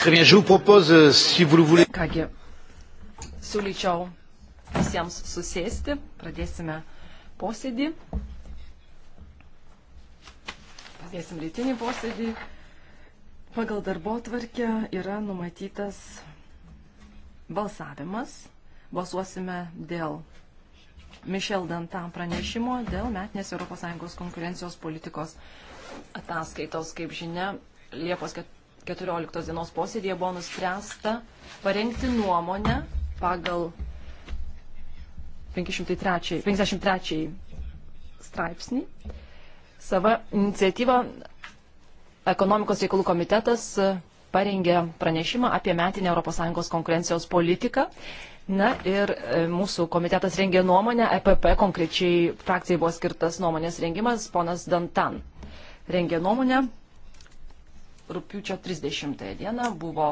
Euh, Kągi, siūlyčiau visiems susėsti, pradėsime posėdį. Pradėsim rytinį posėdį. Pagal darbo tvarkę yra numatytas balsavimas. Balsuosime dėl Mišel Dantam pranešimo dėl metinės ES konkurencijos politikos ataskaitos, kaip žinia, Liepos 14. 14 dienos posėdėje buvo nuspręsta parengti nuomonę pagal 503, 53 straipsnį. Sava iniciatyva ekonomikos reikalų komitetas parengė pranešimą apie metinę ES konkurencijos politiką. Na ir e, mūsų komitetas rengė nuomonę, EPP konkrečiai frakcijai buvo skirtas nuomonės rengimas, ponas Dantan rengė nuomonę, rūpiučio 30 dieną buvo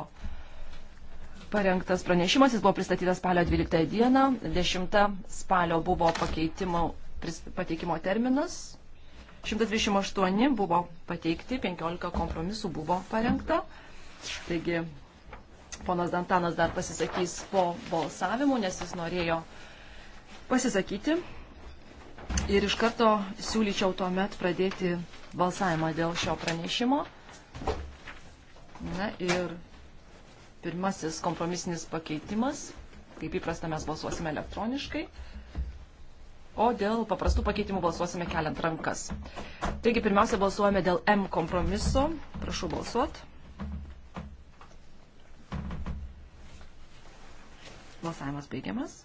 parengtas pranešimas, jis buvo pristatytas spalio 12 dieną, 10 spalio buvo pakeitimo, pateikimo terminas, 128 buvo pateikti, 15 kompromisų buvo parengta. Taigi ponas Dantanas dar pasisakys po balsavimo, nes jis norėjo pasisakyti. Ir iš karto siūlyčiau tuomet pradėti balsavimą dėl šio pranešimo. Na ir pirmasis kompromisinis pakeitimas. Kaip įprasta, mes balsuosime elektroniškai. O dėl paprastų pakeitimų balsuosime keliant rankas. Taigi pirmiausia balsuojame dėl M kompromiso. Prašau balsuot. Balsavimas baigiamas.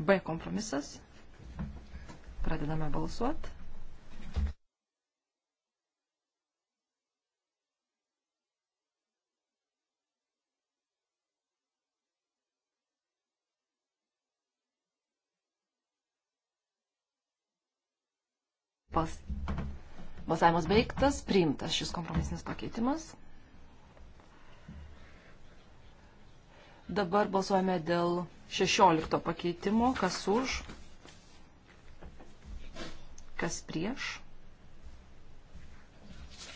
B kompromisas. Pradedame balsuoti. Bas. Balsavimas baigtas, priimtas šis kompromisinis pakeitimas. Dabar balsuojame dėl 16 pakeitimo, kas už, kas prieš,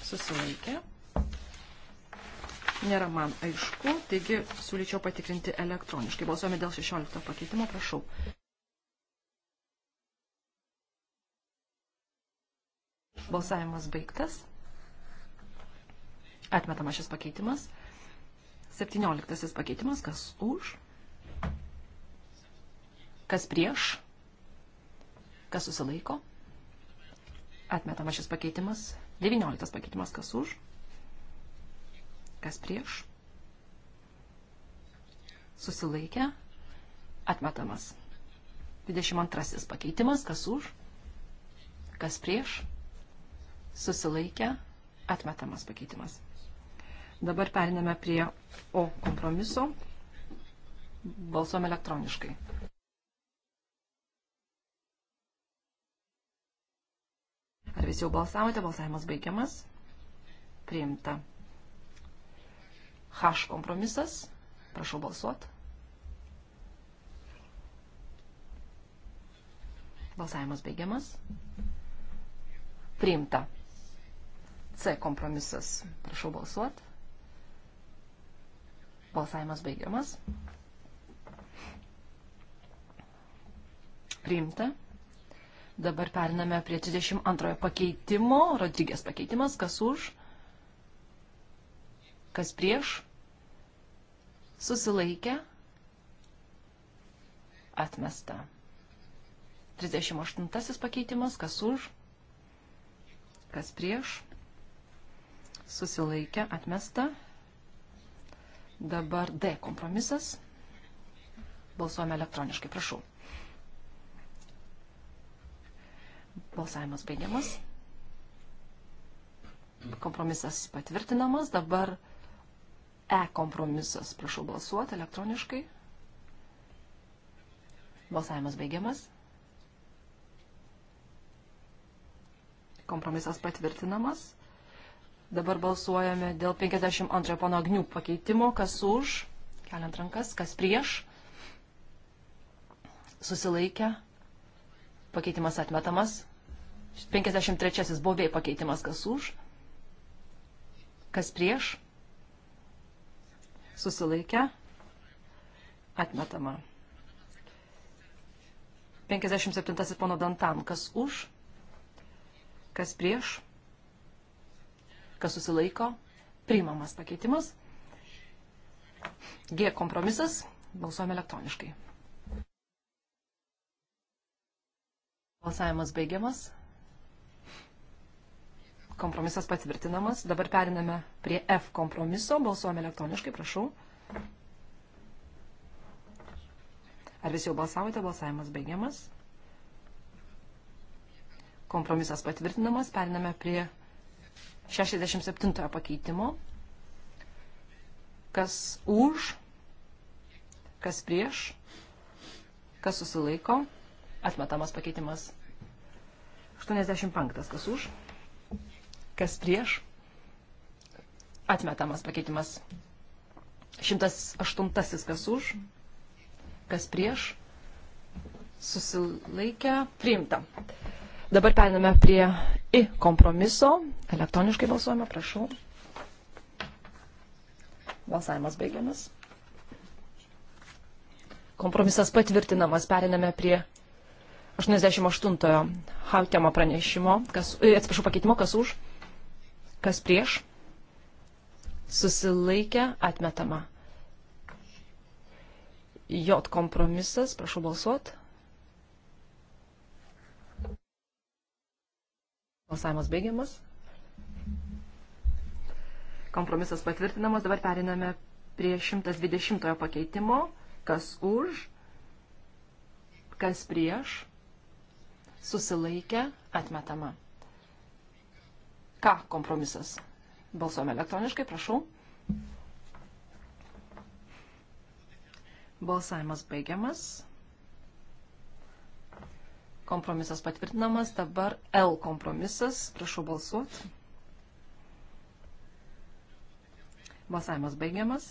susilaikė. Nėra man aišku, taigi siūlyčiau patikrinti elektroniškai. Balsuojame dėl 16 pakeitimo, prašau. Balsavimas baigtas. Atmetama šis pakeitimas. 17 pakeitimas, kas už, kas prieš, kas susilaiko. Atmetama šis pakeitimas. 19 pakeitimas, kas už, kas prieš, susilaikė, atmetamas. 22 pakeitimas, kas už, kas prieš, susilaikė, atmetamas pakeitimas. Dabar periname prie O kompromiso. Balsuom elektroniškai. Ar visi jau balsavote? Balsavimas baigiamas. Priimta. H kompromisas. Prašau balsuot. Balsavimas baigiamas. Priimta. C kompromisas. Prašau balsuot. Balsavimas baigiamas. Priimta. Dabar periname prie 32 pakeitimo. Rodrygės pakeitimas. Kas už? Kas prieš? Susilaikę? Atmesta. 38 pakeitimas. Kas už? Kas prieš? Susilaikę? Atmesta. Dabar D kompromisas. Balsuojame elektroniškai, prašau. Balsavimas baigiamas. Kompromisas patvirtinamas. Dabar E kompromisas, prašau balsuoti elektroniškai. Balsavimas baigiamas. Kompromisas patvirtinamas. Dabar balsuojame dėl 52 pono Agnių pakeitimo. Kas už? Keliant rankas. Kas prieš? Susilaikę. Pakeitimas atmetamas. 53 buvo vėjai pakeitimas. Kas už? Kas prieš? Susilaikę. Atmetama. 57 pono Dantan. Kas už? Kas prieš? kas susilaiko, priimamas pakeitimas. G kompromisas, balsuojame elektroniškai. Balsavimas baigiamas. Kompromisas patvirtinamas. Dabar periname prie F kompromiso. Balsuojame elektroniškai, prašau. Ar visi jau balsavote? Balsavimas baigiamas. Kompromisas patvirtinamas. Periname prie F 67 pakeitimo. Kas už, kas prieš, kas susilaiko, atmetamas pakeitimas. 85 kas už, kas prieš, atmetamas pakeitimas. 108 kas už, kas prieš, susilaikę, priimta. Dabar periname prie I kompromiso, Elektroniškai balsuojame, prašau. Balsavimas baigiamas. Kompromisas patvirtinamas, periname prie 88-ojo Hautemo pranešimo, kas, e, atsiprašau, pakeitimo, kas už, kas prieš, susilaikę, atmetama. J kompromisas, prašau balsuot. Balsavimas baigiamas. Kompromisas patvirtinamas. Dabar periname prie 120 pakeitimo. Kas už, kas prieš, susilaikę, atmetama. Ką kompromisas? Balsuojame elektroniškai, prašau. Balsavimas baigiamas. Kompromisas patvirtinamas. Dabar L kompromisas. Prašau balsuoti. Balsavimas baigiamas.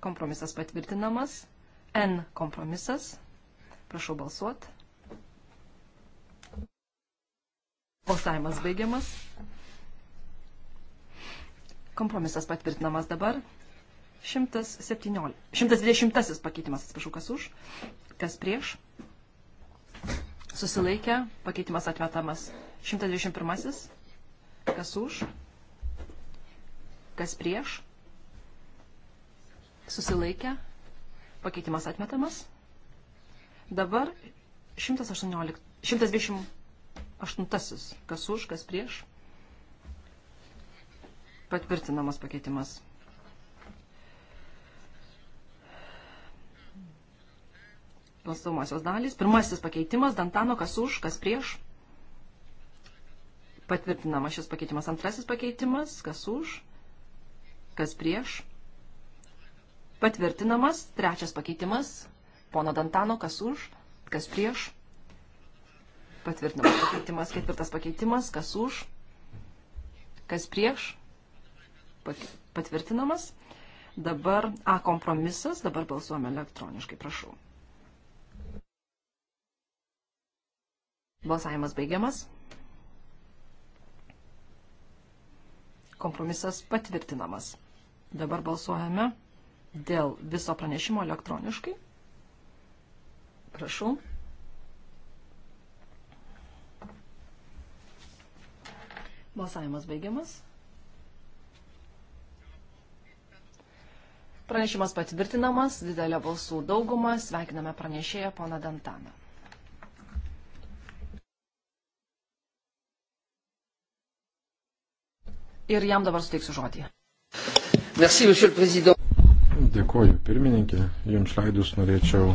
Kompromisas patvirtinamas. N kompromisas. Prašau balsuot. Balsavimas baigiamas. Kompromisas patvirtinamas dabar. 117, 120 pakeitimas, atsiprašau, kas už, kas prieš. Susilaikę, pakeitimas atmetamas. 121 Kas už? Kas prieš? Susilaikę? Pakeitimas atmetamas. Dabar 118, 128. Kas už, kas prieš? Patvirtinamas pakeitimas. Konstatuomosios dalys. Pirmasis pakeitimas. Dantano, kas už, kas prieš? Patvirtinama šis pakeitimas. Antrasis pakeitimas. Kas už? Kas prieš? Patvirtinamas. Trečias pakeitimas. Pono Dantano. Kas už? Kas prieš? Patvirtinamas pakeitimas. Ketvirtas pakeitimas. Kas už? Kas prieš? Patvirtinamas. Dabar A kompromisas, dabar balsuojame elektroniškai, prašau. Balsavimas baigiamas. Kompromisas patvirtinamas. Dabar balsuojame dėl viso pranešimo elektroniškai. Prašau. Balsavimas baigiamas. Pranešimas patvirtinamas, didelė balsų dauguma, sveikiname pranešėją poną Dantaną. ir jam dabar suteiksiu žodį. Merci, Dėkoju, pirmininkė. Jums leidus norėčiau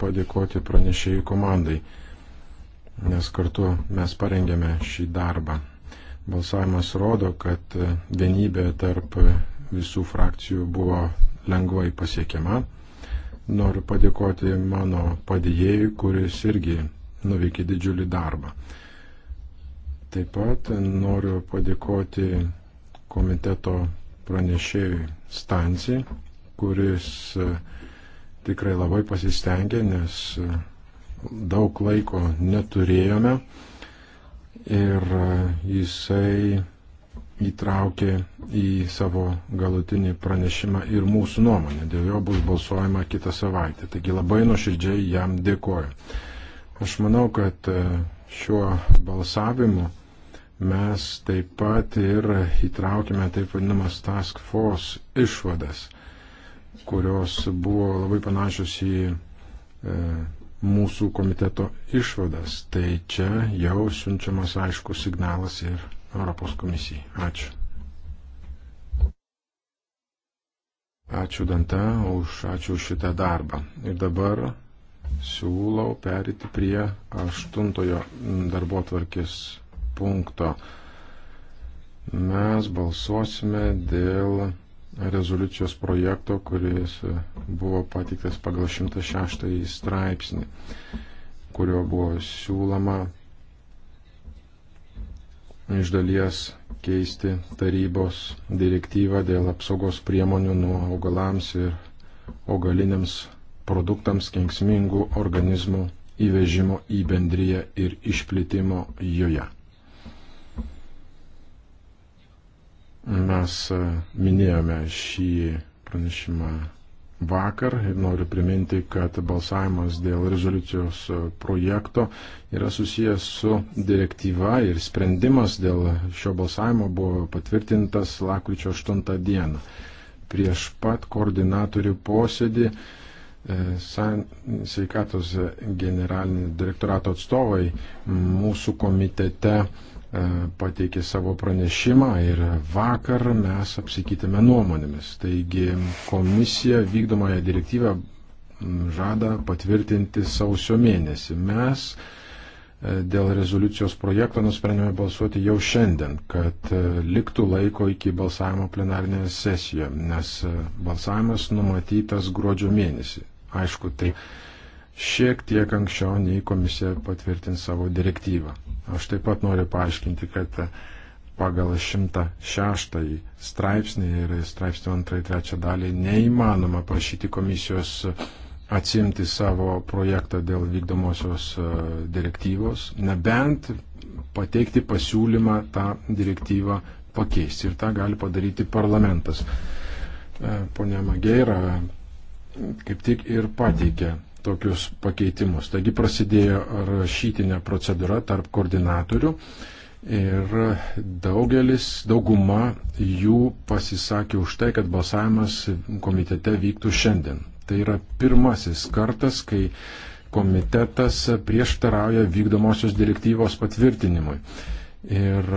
padėkoti pranešėjų komandai, nes kartu mes parengėme šį darbą. Balsavimas rodo, kad vienybė tarp visų frakcijų buvo lengvai pasiekiama. Noriu padėkoti mano padėjėjui, kuris irgi nuveikė didžiulį darbą. Taip pat noriu padėkoti komiteto pranešėjui Stanci, kuris e, tikrai labai pasistengė, nes e, daug laiko neturėjome ir e, jisai įtraukė į savo galutinį pranešimą ir mūsų nuomonę. Dėl jo bus balsuojama kitą savaitę. Taigi labai nuoširdžiai jam dėkoju. Aš manau, kad šiuo balsavimu mes taip pat ir įtraukėme taip vadinamas task force išvadas, kurios buvo labai panašios į e, mūsų komiteto išvadas. Tai čia jau siunčiamas aiškus signalas ir Europos komisijai. Ačiū. Ačiū Dante už, ačiū už šitą darbą. Ir dabar siūlau perėti prie aštuntojo darbo tvarkės punkto. Mes balsuosime dėl rezoliucijos projekto, kuris buvo patiktas pagal 106 straipsnį, kurio buvo siūloma iš dalies keisti tarybos direktyvą dėl apsaugos priemonių nuo augalams ir augaliniams produktams kenksmingų organizmų įvežimo į bendryje ir išplitimo joje. Mes e, minėjome šį pranešimą vakar ir noriu priminti, kad balsavimas dėl rezoliucijos projekto yra susijęs su direktyva ir sprendimas dėl šio balsavimo buvo patvirtintas lakryčio 8 dieną. Prieš pat koordinatorių posėdį e, sveikatos generalinio direktorato atstovai mūsų komitete E, pateikė savo pranešimą ir vakar mes apsikeitėme nuomonėmis. Taigi komisija vykdomąją direktyvą žada patvirtinti sausio mėnesį. Mes e, dėl rezoliucijos projekto nusprendėme balsuoti jau šiandien, kad e, liktų laiko iki balsavimo plenarinėje sesijoje, nes balsavimas numatytas gruodžio mėnesį. Aišku, tai šiek tiek anksčiau nei komisija patvirtins savo direktyvą. Aš taip pat noriu paaiškinti, kad pagal 106 straipsnį ir straipsnio 2-3 dalį neįmanoma prašyti komisijos atsimti savo projektą dėl vykdomosios e, direktyvos, nebent pateikti pasiūlymą tą direktyvą pakeisti. Ir tą gali padaryti parlamentas. E, Pone Mageira kaip tik ir pateikė tokius pakeitimus. Taigi prasidėjo rašytinė procedūra tarp koordinatorių ir daugelis, dauguma jų pasisakė už tai, kad balsavimas komitete vyktų šiandien. Tai yra pirmasis kartas, kai komitetas prieštarauja vykdomosios direktyvos patvirtinimui. Ir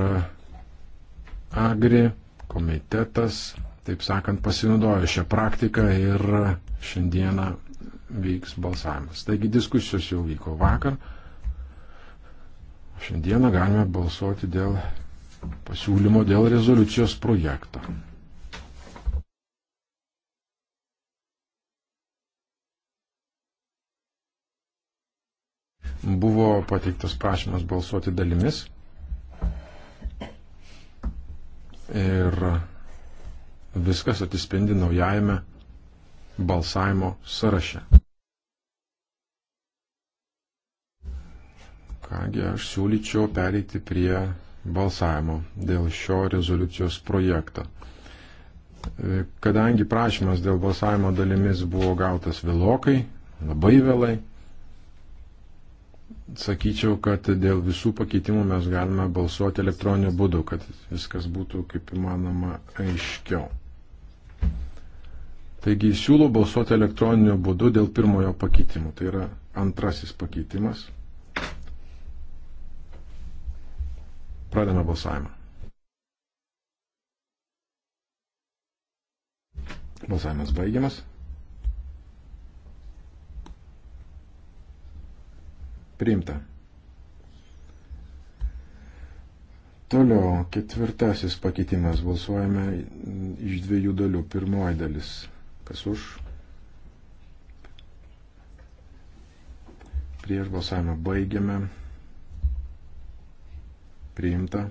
Agri komitetas, taip sakant, pasinaudojo šią praktiką ir šiandieną vyks balsavimas. Taigi diskusijos jau vyko vakar. Šiandieną galime balsuoti dėl pasiūlymo dėl rezoliucijos projekto. Buvo pateiktas prašymas balsuoti dalimis. Ir viskas atsispindi naujajame balsavimo sąraše. Kągi, aš siūlyčiau pereiti prie balsavimo dėl šio rezoliucijos projekto. E, kadangi prašymas dėl balsavimo dalimis buvo gautas vėlokai, labai vėlai, sakyčiau, kad dėl visų pakeitimų mes galime balsuoti elektroniniu būdu, kad viskas būtų kaip įmanoma aiškiau. Taigi siūlau balsuoti elektroniniu būdu dėl pirmojo pakeitimo. Tai yra antrasis pakeitimas. Pradame balsavimą. Balsavimas baigiamas. Priimta. Toliau ketvirtasis pakeitimas balsuojame iš dviejų dalių. Pirmoji dalis. Kas už? Prieš balsavimą baigiame priimta.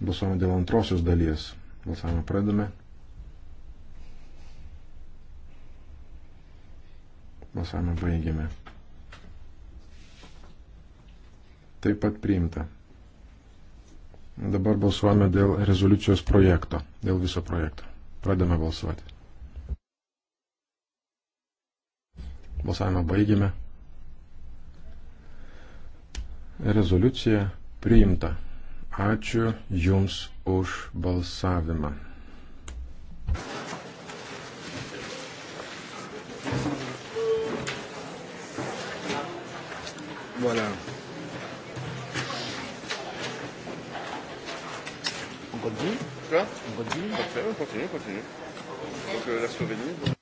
Balsuojame dėl antrosios dalies. Balsavimą pradame. Balsavimą baigiame. Taip pat priimta. Dabar balsuojame dėl rezoliucijos projekto, dėl viso projekto. Pradame balsuoti. Balsavimą baigiame. Rezoliucija Priimta. Ačiū Jums už balsavimą. Voilà. On continue Quoi On continue Parfait, on continue, on continue. Donc euh, la Slovénie. Donc...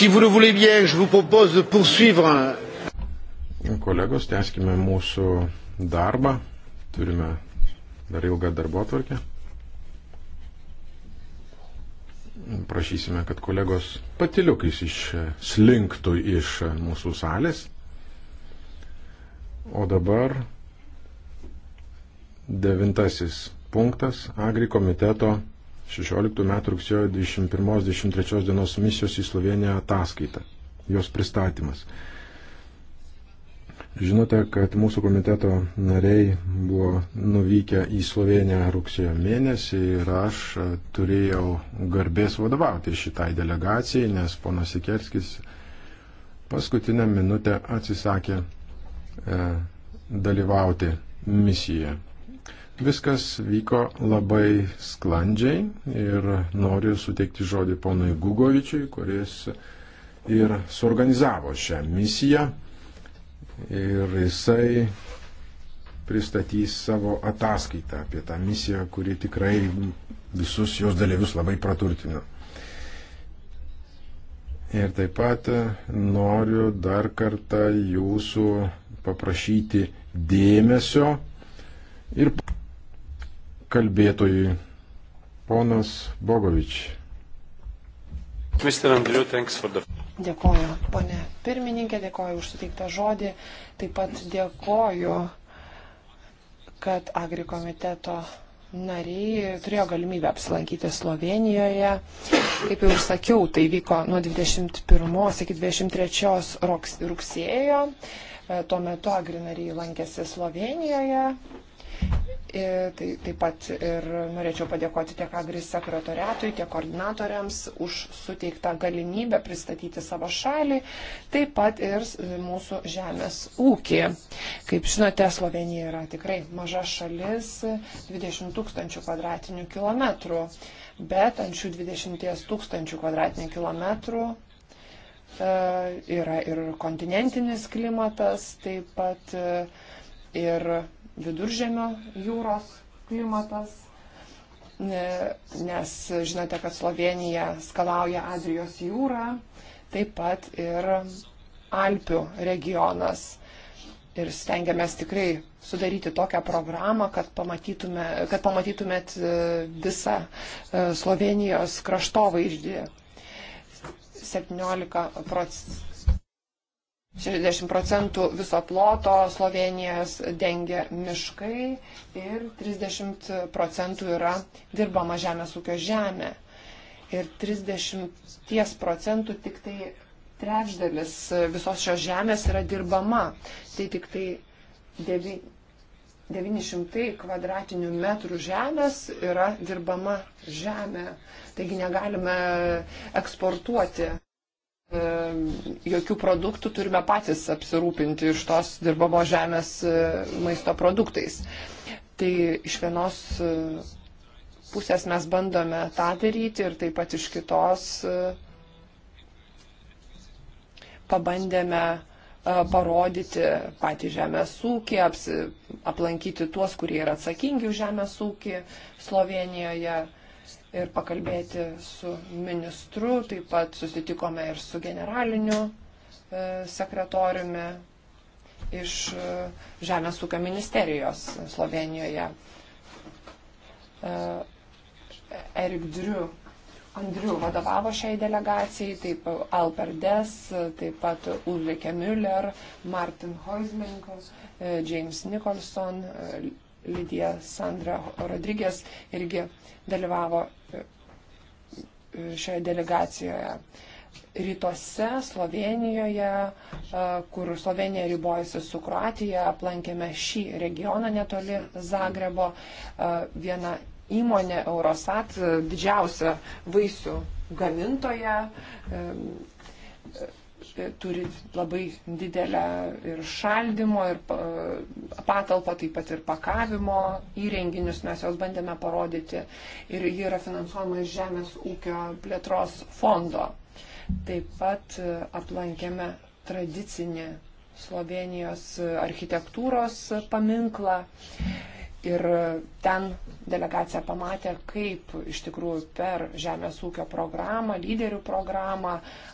Si vous le voulez bien, je vous propose de poursuivre. Kolegos, tęskime mūsų darbą. Turime dar ilgą darbo atvarkę. Prašysime, kad kolegos patiliukais išslinktų iš mūsų salės. O dabar devintasis punktas - agri komiteto 16 metų rugsėjo 21-23 dienos misijos į Sloveniją ataskaita, jos pristatymas. Žinote, kad mūsų komiteto nariai buvo nuvykę į Sloveniją rugsėjo mėnesį ir aš turėjau garbės vadovauti šitai delegacijai, nes ponas Sikerskis paskutinę minutę atsisakė e, dalyvauti misijoje. Viskas vyko labai sklandžiai ir noriu suteikti žodį ponui Gugovičiui, kuris ir suorganizavo šią misiją. Ir jisai pristatys savo ataskaitą apie tą misiją, kuri tikrai visus jos dalyvius labai praturtino. Ir taip pat noriu dar kartą jūsų paprašyti dėmesio ir kalbėtojui. Ponas Bogovič. Mr. Andriu, thanks for the. Dėkoju, ponė pirmininkė, dėkoju už suteiktą žodį. Taip pat dėkoju, kad agrikomiteto nariai turėjo galimybę apsilankyti Slovenijoje. Kaip jau ir sakiau, tai vyko nuo 21 iki 23 rugsėjo. E, tuo metu agrinariai lankėsi Slovenijoje E, tai, taip pat ir norėčiau padėkoti tiek Agris sekretoriatui, tiek koordinatoriams už suteiktą galimybę pristatyti savo šalį, taip pat ir mūsų žemės ūkį. Kaip žinote, Slovenija yra tikrai maža šalis, 20 tūkstančių kvadratinių kilometrų, bet ant šių 20 tūkstančių kvadratinių kilometrų e, yra ir kontinentinis klimatas, taip pat e, ir viduržemio jūros klimatas, nes žinote, kad Slovenija skalauja Adrijos jūrą, taip pat ir Alpių regionas. Ir stengiamės tikrai sudaryti tokią programą, kad, pamatytume, kad pamatytumėt e, visą e, Slovenijos kraštovaizdį. 17 procentų 60 procentų viso ploto Slovenijos dengia miškai ir 30 procentų yra dirbama žemės ūkio žemė. Ir 30 procentų tik tai trečdalis visos šios žemės yra dirbama. Tai tik tai 9, 900 kvadratinių metrų žemės yra dirbama žemė. Taigi negalime eksportuoti E, jokių produktų, turime patys apsirūpinti iš tos dirbamo žemės e, maisto produktais. Tai iš vienos e, pusės mes bandome tą daryti ir taip pat iš kitos pabandėme parodyti patį žemės ūkį, apsi, aplankyti tuos, kurie yra atsakingi už žemės ūkį Slovenijoje ir pakalbėti su ministru, taip pat susitikome ir su generaliniu e, sekretoriumi iš e, Žemės ūkio ministerijos Slovenijoje. E, Erik Driu, Andriu vadovavo šiai delegacijai, taip Alperdes, taip pat Ulrike Müller, Martin Heusmenkas, James Nicholson, Lydija Sandra Rodrygės irgi dalyvavo šioje delegacijoje. Rytuose, Slovenijoje, e, kur Slovenija ribojasi su Kroatija, aplankėme šį regioną netoli Zagrebo. E, viena įmonė Eurosat, didžiausia vaisių gamintoja, e, E, turi labai didelę ir šaldymo, ir e, patalpą, taip pat ir pakavimo įrenginius. Mes jos bandėme parodyti ir ji yra finansuojama iš Žemės ūkio plėtros fondo. Taip pat e, aplankėme tradicinį Slovenijos architektūros paminklą. Ir ten delegacija pamatė, kaip iš tikrųjų per žemės ūkio programą, lyderių programą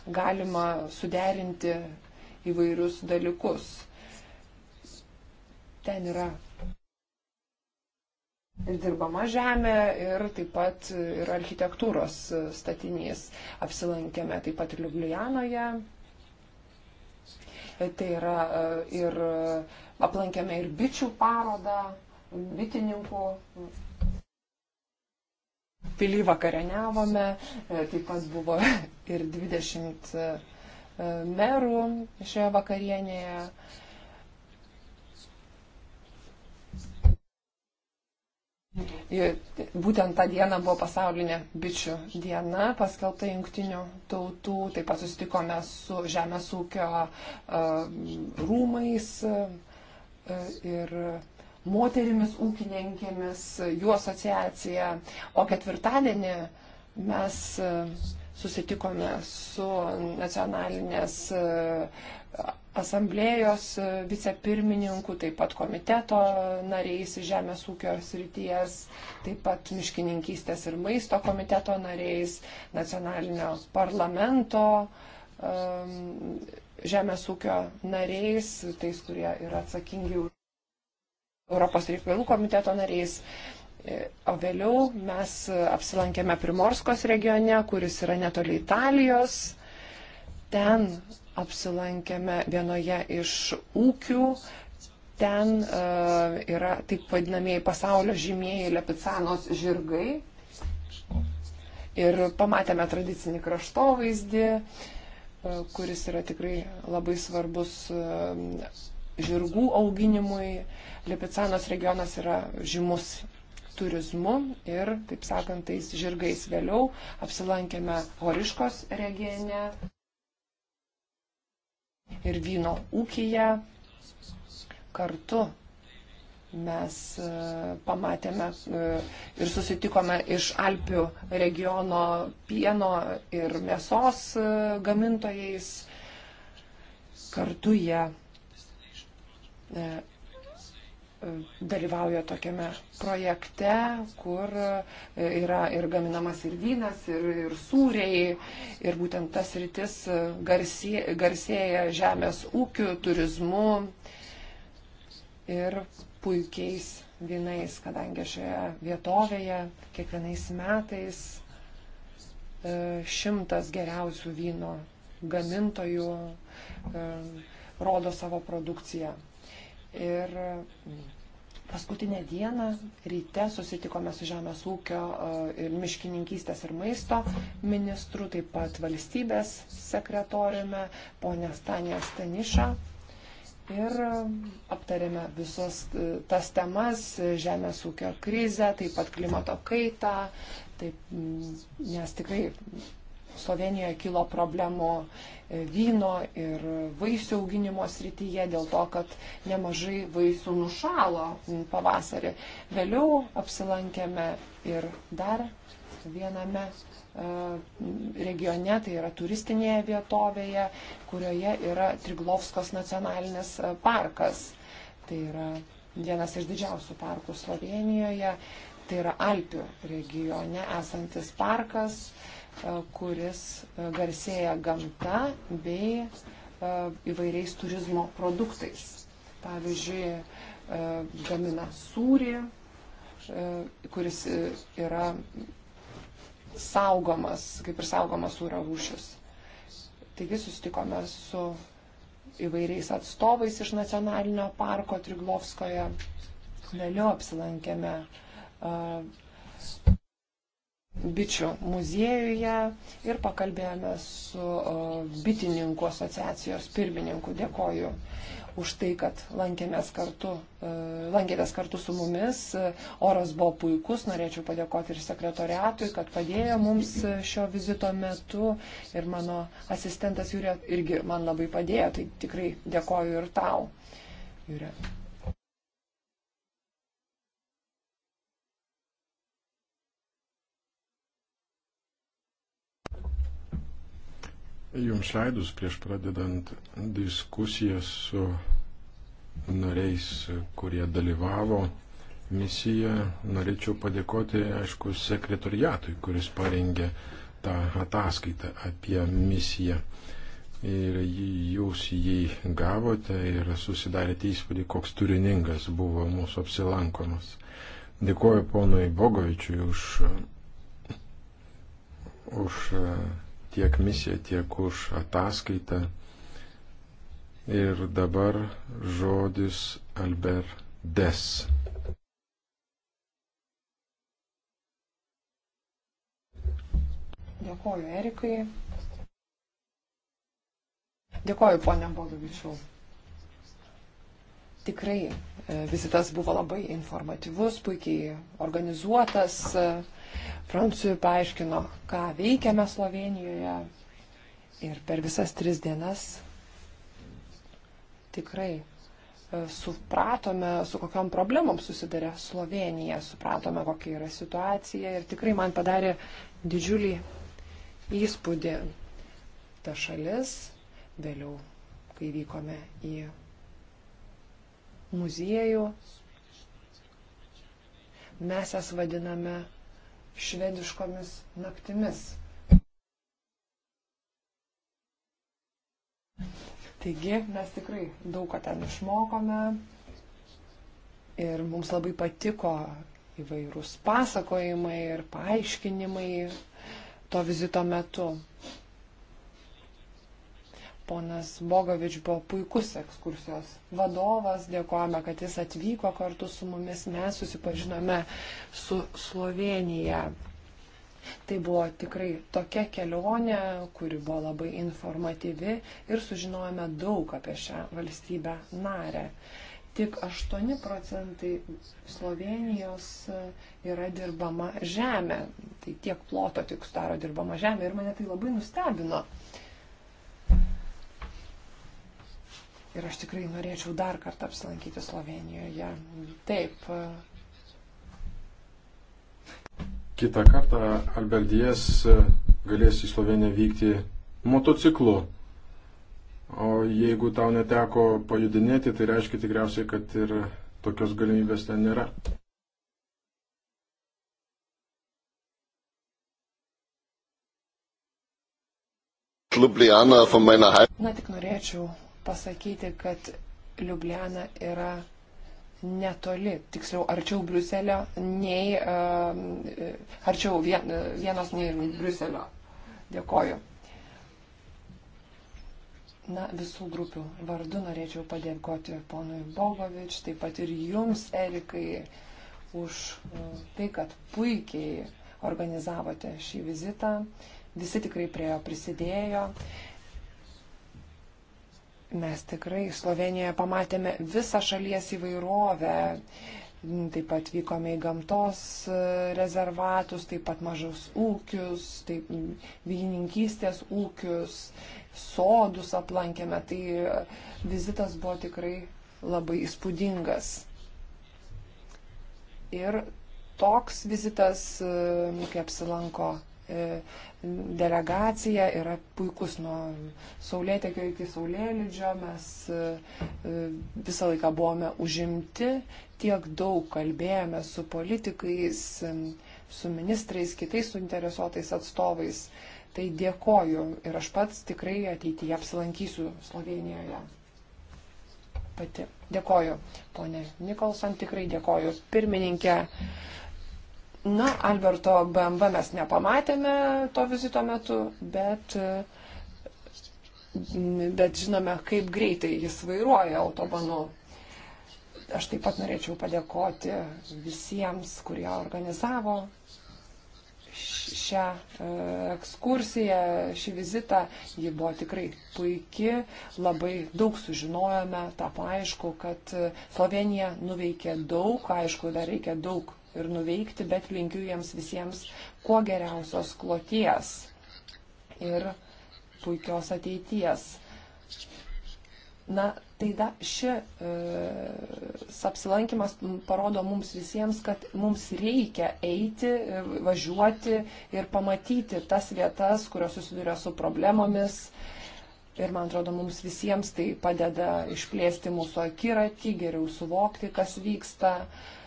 galima suderinti įvairius dalykus. Ten yra ir dirbama žemė, ir taip pat ir architektūros statinys. Apsilankėme taip pat ir Liublianoje. Tai yra e, ir e, aplankėme ir bičių parodą bitininkų. Pily vakarieniavome, e, taip pat buvo ir 20 e, e, merų šioje vakarienėje. Būtent tą dieną buvo pasaulinė bičių diena, paskelbta jungtinių tautų, taip pat susitikome su žemės ūkio rūmais ir moterimis ūkininkėmis, jų asociacija. O ketvirtadienį mes e, susitikome su nacionalinės e, asamblėjos e, vicepirmininku, taip pat komiteto nariais žemės ūkio srities, taip pat miškininkystės ir maisto komiteto nariais, nacionalinio parlamento žemės ūkio nariais, tais, kurie yra atsakingi už. Europos reikalų komiteto nariais. E, o vėliau mes apsilankėme Primorskos regione, kuris yra netoli Italijos. Ten apsilankėme vienoje iš ūkių. Ten uh, yra taip vadinamieji pasaulio žymieji lepicanos žirgai. Ir pamatėme tradicinį kraštovaizdį, uh, kuris yra tikrai labai svarbus uh, žirgų auginimui. Lipicanos regionas yra žymus turizmu ir, taip sakant, tais žirgais vėliau apsilankėme Horiškos regione ir vyno ūkyje. Kartu mes e, pamatėme e, ir susitikome iš Alpių regiono pieno ir mėsos e, gamintojais. Kartu jie E, e, dalyvauja tokiame projekte, kur e, yra ir gaminamas ir vynas, ir, ir sūriai, ir būtent tas rytis garsėja, garsėja žemės ūkiu, turizmu ir puikiais vynais, kadangi šioje vietovėje kiekvienais metais šimtas geriausių vyno gamintojų rodo savo produkciją Ir mm, paskutinę dieną ryte susitikome su Žemės ūkio e, ir miškininkystės ir maisto ministru, taip pat valstybės sekretoriumi, ponė Stanė Staniša. Ir mm, aptarėme visas e, tas temas - žemės ūkio krizę, taip pat klimato kaitą, taip, mm, nes tikrai Slovenijoje kilo problemų e, vyno ir vaisių auginimo srityje dėl to, kad nemažai vaisių nušalo pavasarį. Vėliau apsilankėme ir dar viename e, regione, tai yra turistinėje vietovėje, kurioje yra Triglovskos nacionalinis e, parkas. Tai yra vienas iš didžiausių parkų Slovenijoje. Tai yra Alpių regione esantis parkas, uh, E, kuris e, garsėja gamta bei e, įvairiais turizmo produktais. Pavyzdžiui, gamina sūrį, kuris yra saugomas, kaip ir saugomas sūrio rūšis. Taigi susitikome su įvairiais atstovais iš nacionalinio parko Triglovskoje. Vėliau apsilankėme bičių muziejuje ir pakalbėjome su bitininkų asociacijos pirmininku. Dėkoju už tai, kad lankėmės kartu, e, lankėtės kartu su mumis. Oras buvo puikus, norėčiau padėkoti ir sekretoriatui, kad padėjo mums šio vizito metu. Ir mano asistentas Jūrė irgi man labai padėjo, tai tikrai dėkoju ir tau, Jūrė. Jums leidus prieš pradedant diskusijas su nariais, kurie dalyvavo misiją, norėčiau padėkoti, aišku, sekretoriatui, kuris parengė tą ataskaitą apie misiją. Ir jūs jį gavote ir susidarėte įspūdį, koks turiningas buvo mūsų apsilankomas. Dėkuoju ponui Bogovičiui už, už tiek misiją, tiek už ataskaitą. Ir dabar žodis Albert Des. Dėkoju Erikai. Dėkoju, ponia Bodovičiau. Tikrai e, vizitas buvo labai informatyvus, puikiai organizuotas. E, Francijui paaiškino, ką veikiame Slovenijoje. Ir per visas tris dienas tikrai e, supratome, su kokiam problemom susidarė Slovenija, supratome, kokia yra situacija ir tikrai man padarė didžiulį įspūdį ta šalis. Vėliau, kai vykome į muziejų, mes jas vadiname švediškomis naktimis. Taigi mes tikrai daug ką ten išmokome ir mums labai patiko įvairūs pasakojimai ir paaiškinimai to vizito metu. Ponas Bogovič buvo puikus ekskursijos vadovas, dėkojame, kad jis atvyko kartu su mumis, mes susipažinome su Slovenija. Tai buvo tikrai tokia kelionė, kuri buvo labai informatyvi ir sužinojome daug apie šią valstybę narę. Tik 8 procentai Slovenijos e, yra dirbama žemė, tai tiek ploto tik sudaro dirbama žemė ir mane tai labai nustebino. Uh, Ir aš tikrai norėčiau dar kartą apsilankyti Slovenijoje. Taip. Kita kartą Alberdijas galės į Sloveniją vykti motociklu. O jeigu tau neteko pajudinėti, tai reiškia tikriausiai, kad ir tokios galimybės ten nėra. Na tik norėčiau pasakyti, kad Liubliana yra netoli, tiksliau arčiau Bruselio, nei uh, arčiau vien, vienos nei Bruselio. Dėkoju. Na, visų grupių vardu norėčiau padėkoti ponui Bogovič, taip pat ir jums, Erikai, už e, tai, kad puikiai organizavote šį vizitą. Visi tikrai prie jo prisidėjo. Mes tikrai Slovenijoje pamatėme visą šalies įvairovę. Taip pat vykome į gamtos e, rezervatus, taip pat mažus ūkius, taip vynininkystės ūkius, sodus aplankėme. Tai e, vizitas buvo tikrai labai įspūdingas. Ir toks vizitas, e, kai apsilanko E, delegacija yra puikus nuo saulėtekio iki saulėlydžio. Mes e, e, visą laiką buvome užimti, tiek daug kalbėjome su politikais, su ministrais, kitais suinteresuotais atstovais. Tai dėkoju ir aš pats tikrai ateityje apsilankysiu Slovenijoje. Pati. Dėkoju, ponė Nikolson, tikrai dėkoju. Pirmininkė. Na, Alberto BMW mes nepamatėme to vizito metu, bet, bet žinome, kaip greitai jis vairuoja autobanu. Aš taip pat norėčiau padėkoti visiems, kurie organizavo šią e, ekskursiją, šį vizitą. Ji buvo tikrai puikia, labai daug sužinojome, tapo aišku, kad e, Slovenija nuveikė daug, aišku, dar reikia daug ir nuveikti, bet linkiu jiems visiems kuo geriausios kloties ir puikios ateities. Na, tai da, ši, šis e, apsilankimas parodo mums visiems, kad mums reikia eiti, e, važiuoti ir pamatyti tas vietas, kurios susiduria su problemomis. Ir man atrodo, mums visiems tai padeda išplėsti mūsų akiratį, geriau suvokti, kas vyksta. Uh,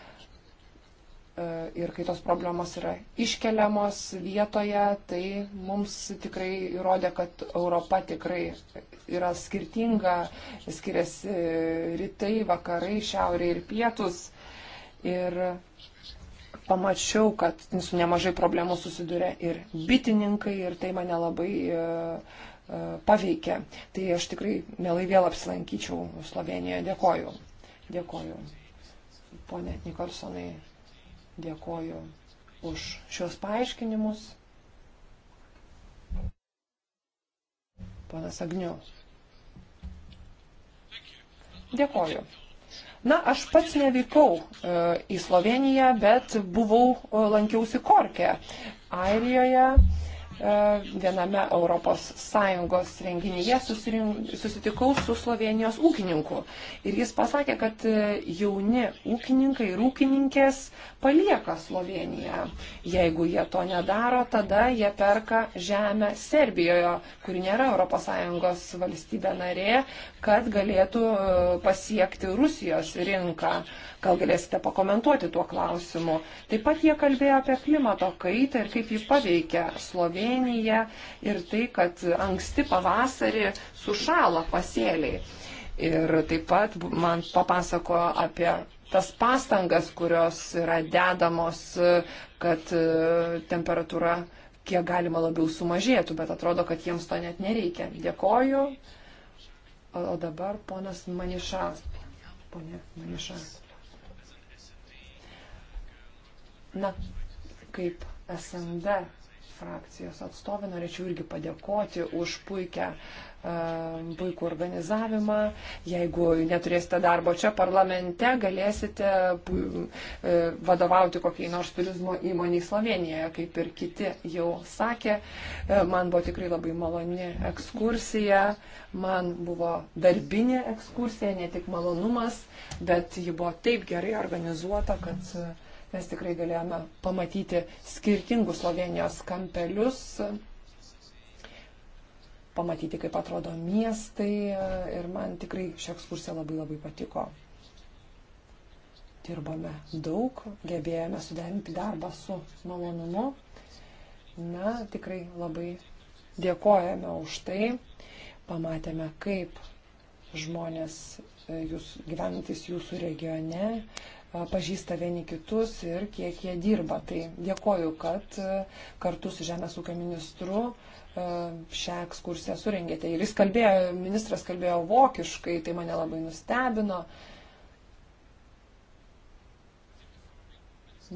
E, ir kai tos problemos yra iškeliamos vietoje, tai mums tikrai įrodė, kad Europa tikrai yra skirtinga, skiriasi rytai, vakarai, šiaurė ir pietus. Ir pamačiau, kad su nemažai problemų susiduria ir bitininkai, ir tai mane labai e, e, paveikė. Tai aš tikrai mielai vėl apsilankyčiau Slovenijoje. Dėkoju. Dėkoju. Pone Nikolsonai, Dėkoju už šios paaiškinimus. Ponas Agniu. Dėkoju. Na, aš pats nevykau e, į Sloveniją, bet buvau, e, lankiausi Korke, Airijoje E, viename ES renginyje susitikau su Slovenijos ūkininku. Ir jis pasakė, kad e, jauni ūkininkai ir ūkininkės palieka Sloveniją. Jeigu jie to nedaro, tada jie perka žemę Serbijoje, kuri nėra ES valstybė narė, kad galėtų e, pasiekti Rusijos rinką. Gal galėsite pakomentuoti tuo klausimu. Taip pat jie kalbėjo apie klimato kaitą ir kaip jį paveikia Slovenija ir tai, kad anksti pavasarį sušala pasėliai. Ir taip pat man papasakojo apie tas pastangas, kurios yra dedamos, e, kad e, temperatūra kiek galima labiau sumažėtų, bet atrodo, kad jiems to net nereikia. Dėkoju. O, o dabar ponas Manišas. Pone Manišas. Na, kaip SND frakcijos atstovė norėčiau irgi padėkoti už puikią uh, E, puikų organizavimą. Jeigu neturėsite darbo čia parlamente, galėsite e, vadovauti kokiai nors turizmo įmoniai Slovenijoje, kaip ir kiti jau sakė. E, man buvo tikrai labai maloni ekskursija, man buvo darbinė ekskursija, ne tik malonumas, bet ji buvo taip gerai organizuota, kad mes tikrai galėjome pamatyti skirtingus Slovenijos kampelius pamatyti, kaip atrodo miestai e, ir man tikrai ši ekskursija labai labai patiko. Dirbame daug, gebėjome suderinti darbą su malonumu. Na, tikrai labai dėkojame už tai. Pamatėme, kaip žmonės e, jūs, gyvenantis jūsų regione e, pažįsta vieni kitus ir kiek jie dirba. Tai dėkoju, kad kartu su Žemės ūkio ministru uh, E, šią ekskursiją surengėte. Ir jis kalbėjo, ministras kalbėjo vokiškai, tai mane labai nustebino.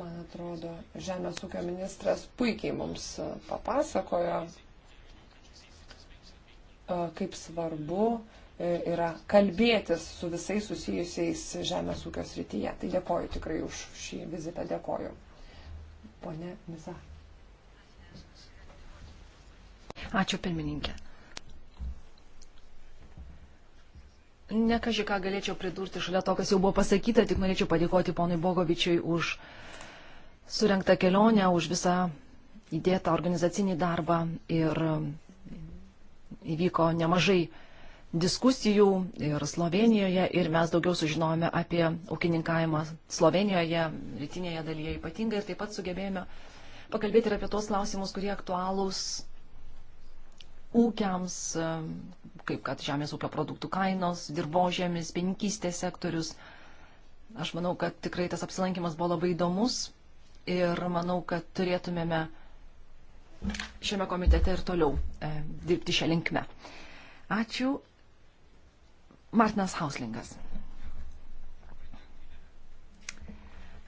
Man atrodo, Žemės ūkio ministras puikiai mums e, papasakojo, e, kaip svarbu yra kalbėtis su visais susijusiais Žemės ūkio srityje. Tai dėkoju tikrai už šį vizitą, dėkoju. Pone Mizar. Ačiū pirmininkė. Ne kažkai ką galėčiau pridurti šalia to, kas jau buvo pasakyta, tik norėčiau padėkoti ponui Bogovičiui už surinktą kelionę, už visą įdėtą organizacinį darbą ir įvyko nemažai diskusijų ir Slovenijoje ir mes daugiau sužinojome apie ūkininkavimą Slovenijoje, rytinėje dalyje ypatingai ir taip pat sugebėjome pakalbėti ir apie tuos klausimus, kurie aktualūs ūkiams, kaip kad žemės ūkio produktų kainos, dirbožėmis, pieninkystės sektorius. Aš manau, kad tikrai tas apsilankimas buvo labai įdomus ir manau, kad turėtumėme šiame komitete ir toliau e, dirbti šią linkmę. Ačiū. Martinas Hauslingas.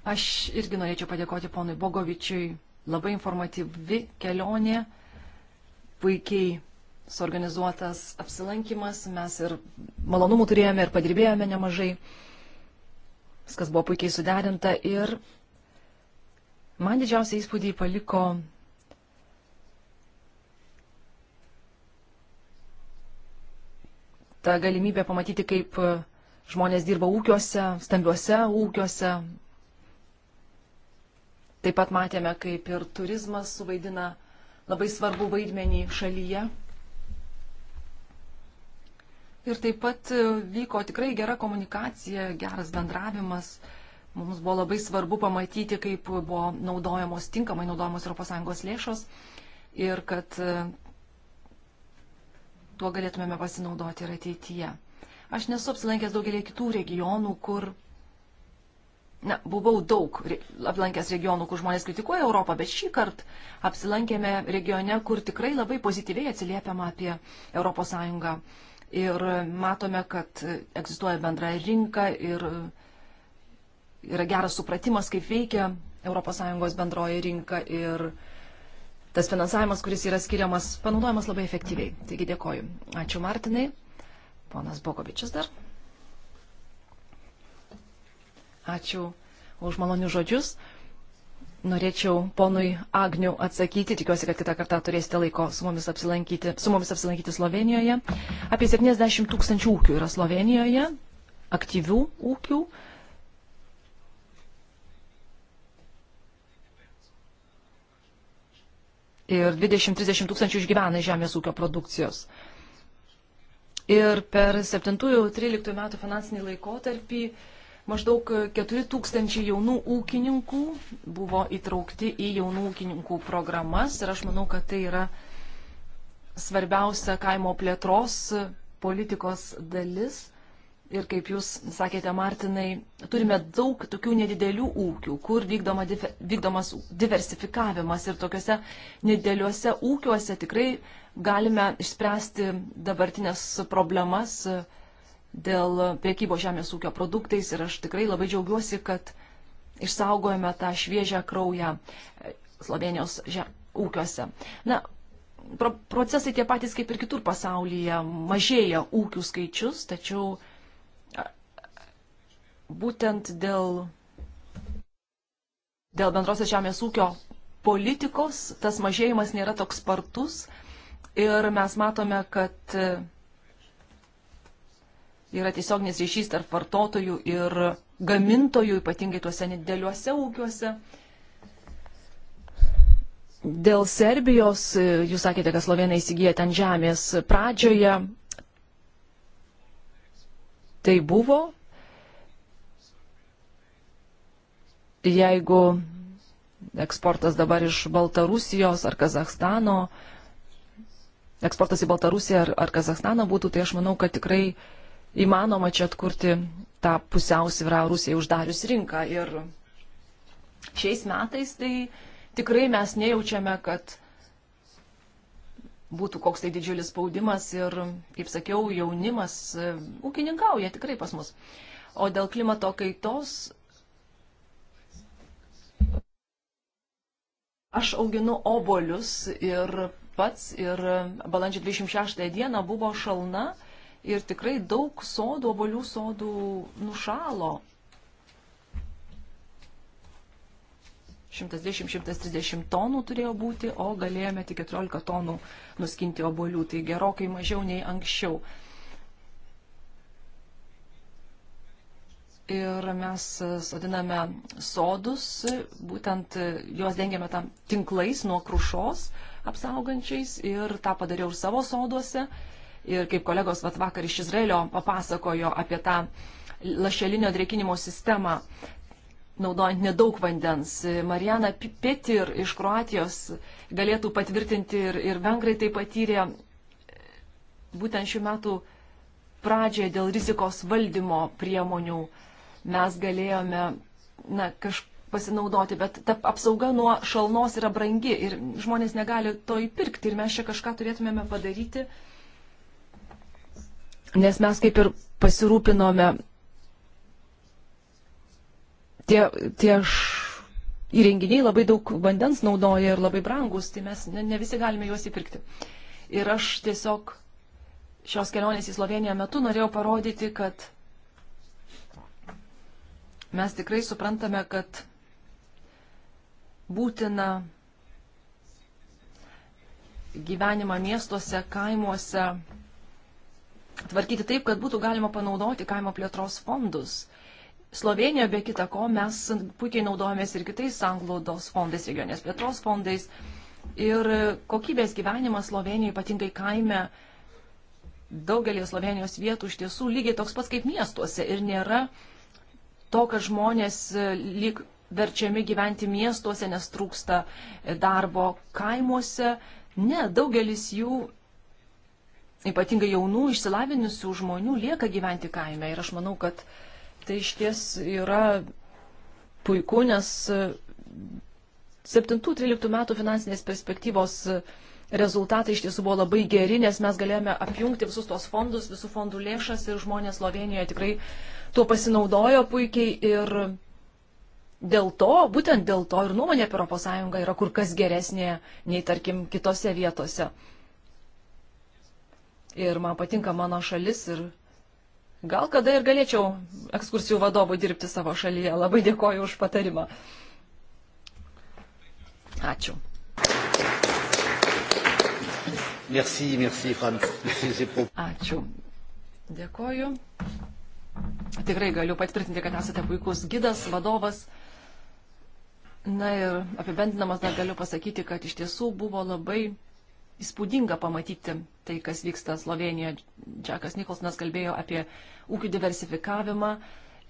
Aš irgi norėčiau padėkoti ponui Bogovičiui. Labai informatyvi kelionė, puikiai suorganizuotas apsilankimas, mes ir malonumų turėjome ir padirbėjome nemažai. Viskas buvo puikiai suderinta ir man didžiausią įspūdį paliko ta galimybė pamatyti, kaip žmonės dirba ūkiuose, stambiuose ūkiuose. Taip pat matėme, kaip ir turizmas suvaidina labai svarbu vaidmenį šalyje. Ir taip pat e, vyko tikrai gera komunikacija, geras bendravimas. Mums buvo labai svarbu pamatyti, kaip buvo naudojamos tinkamai naudojamos ES lėšos ir kad e, tuo galėtumėme pasinaudoti ir ateityje. Aš nesu apsilankęs daugelį kitų regionų, kur, na, buvau daug aplankęs regionų, kur žmonės kritikuoja Europą, bet šį kartą apsilankėme regione, kur tikrai labai pozityviai atsiliepiama apie ES ir matome, kad egzistuoja bendra rinka ir yra geras supratimas, kaip veikia ES bendroji rinka ir tas finansavimas, kuris yra skiriamas, panaudojamas labai efektyviai. Taigi dėkoju. Ačiū Martinai. Ponas Bogovičius dar. Ačiū už malonius žodžius norėčiau ponui Agniu atsakyti, tikiuosi, kad kitą kartą turėsite laiko su mumis apsilankyti, su mumis apsilankyti Slovenijoje. Apie 70 tūkstančių ūkių yra Slovenijoje, aktyvių ūkių. Ir 20-30 tūkstančių išgyvena žemės ūkio produkcijos. Ir per 7-13 metų finansinį laikotarpį uh, Maždaug 4000 jaunų ūkininkų buvo įtraukti į jaunų ūkininkų programas ir aš manau, kad tai yra svarbiausia kaimo plėtros politikos dalis. Ir kaip jūs sakėte, Martinai, turime daug tokių nedidelių ūkių, kur vykdoma, vykdomas diversifikavimas ir tokiuose nedideliuose ūkiuose tikrai galime išspręsti dabartinės problemas dėl priekybo žemės ūkio produktais ir aš tikrai labai džiaugiuosi, kad išsaugojame tą šviežią kraują e, Slovenijos ūkiuose. Na, pro procesai tie patys kaip ir kitur pasaulyje, mažėja ūkių skaičius, tačiau būtent dėl, dėl bendrosios žemės ūkio politikos tas mažėjimas nėra toks spartus ir mes matome, kad yra tiesioginis ryšys tarp vartotojų ir gamintojų, ypatingai tuose nedėliuose ūkiuose. Dėl Serbijos, jūs sakėte, kad Slovenai įsigyja ten žemės pradžioje. Tai buvo. Jeigu eksportas dabar iš Baltarusijos ar Kazakstano, eksportas į Baltarusiją ar, ar Kazakstaną būtų, tai aš manau, kad tikrai uh, įmanoma čia atkurti tą pusiausvyrą Rusijai uždarius rinką. Ir šiais metais tai tikrai mes nejaučiame, kad būtų koks tai didžiulis spaudimas ir, kaip sakiau, jaunimas e, ūkininkauja tikrai pas mus. O dėl klimato kaitos aš auginu obolius ir pats ir balandžio 26 dieną buvo šalna ir tikrai daug sodų, obolių sodų nušalo. 110-130 tonų turėjo būti, o galėjome tik 14 tonų nuskinti obolių, tai gerokai mažiau nei anksčiau. ir mes sodiname sodus, būtent juos dengiame tam tinklais nuo krušos apsaugančiais ir tą padariau ir savo soduose ir kaip kolegos vat vakar iš Izraelio papasakojo apie tą lašelinio drėkinimo sistemą, naudojant nedaug vandens. Marijana Pipetir iš Kroatijos galėtų patvirtinti ir, ir vengrai tai patyrė būtent šių metų pradžioje dėl rizikos valdymo priemonių. Mes galėjome na, kažkaip pasinaudoti, bet ta apsauga nuo šalnos yra brangi ir žmonės negali to įpirkti ir mes čia kažką turėtumėme padaryti. Uh, nes mes kaip ir pasirūpinome tie, tie š... įrenginiai labai daug vandens naudoja ir labai brangus, tai mes ne, ne visi galime juos įpirkti. Ir aš tiesiog šios kelionės į Sloveniją metu norėjau parodyti, kad mes tikrai suprantame, kad būtina gyvenimą miestuose, kaimuose tvarkyti taip, kad būtų galima panaudoti kaimo plėtros fondus. Slovenijoje be kita ko mes puikiai naudojamės ir kitais sanglaudos fondais, regionės plėtros fondais. Ir kokybės gyvenimas Slovenijoje, ypatingai kaime, daugelį Slovenijos vietų iš tiesų lygiai toks pats kaip miestuose. Ir nėra to, kad žmonės e, lyg verčiami gyventi miestuose, nes trūksta darbo kaimuose. Ne, daugelis jų ypatingai jaunų, išsilavinusių žmonių lieka gyventi kaime. Ir aš manau, kad tai iš ties yra puiku, nes 7-13 e, metų finansinės perspektyvos e, rezultatai iš tiesų buvo labai geri, nes mes galėjome apjungti visus tos fondus, visų fondų lėšas ir žmonės Slovenijoje tikrai tuo pasinaudojo puikiai ir dėl to, būtent dėl to ir nuomonė apie ES yra kur kas geresnė nei, tarkim, kitose vietose ir man patinka mano šalis ir gal kada ir galėčiau ekskursijų vadovu dirbti savo šalyje. Labai dėkoju už patarimą. Ačiū. Merci, merci, Franz. Ačiū. Dėkoju. Tikrai galiu patvirtinti, kad esate puikus gidas, vadovas. Na ir apibendinamas dar galiu pasakyti, kad iš tiesų buvo labai įspūdinga pamatyti tai, kas vyksta Slovenijoje. Džekas Nikolsonas kalbėjo apie ūkių diversifikavimą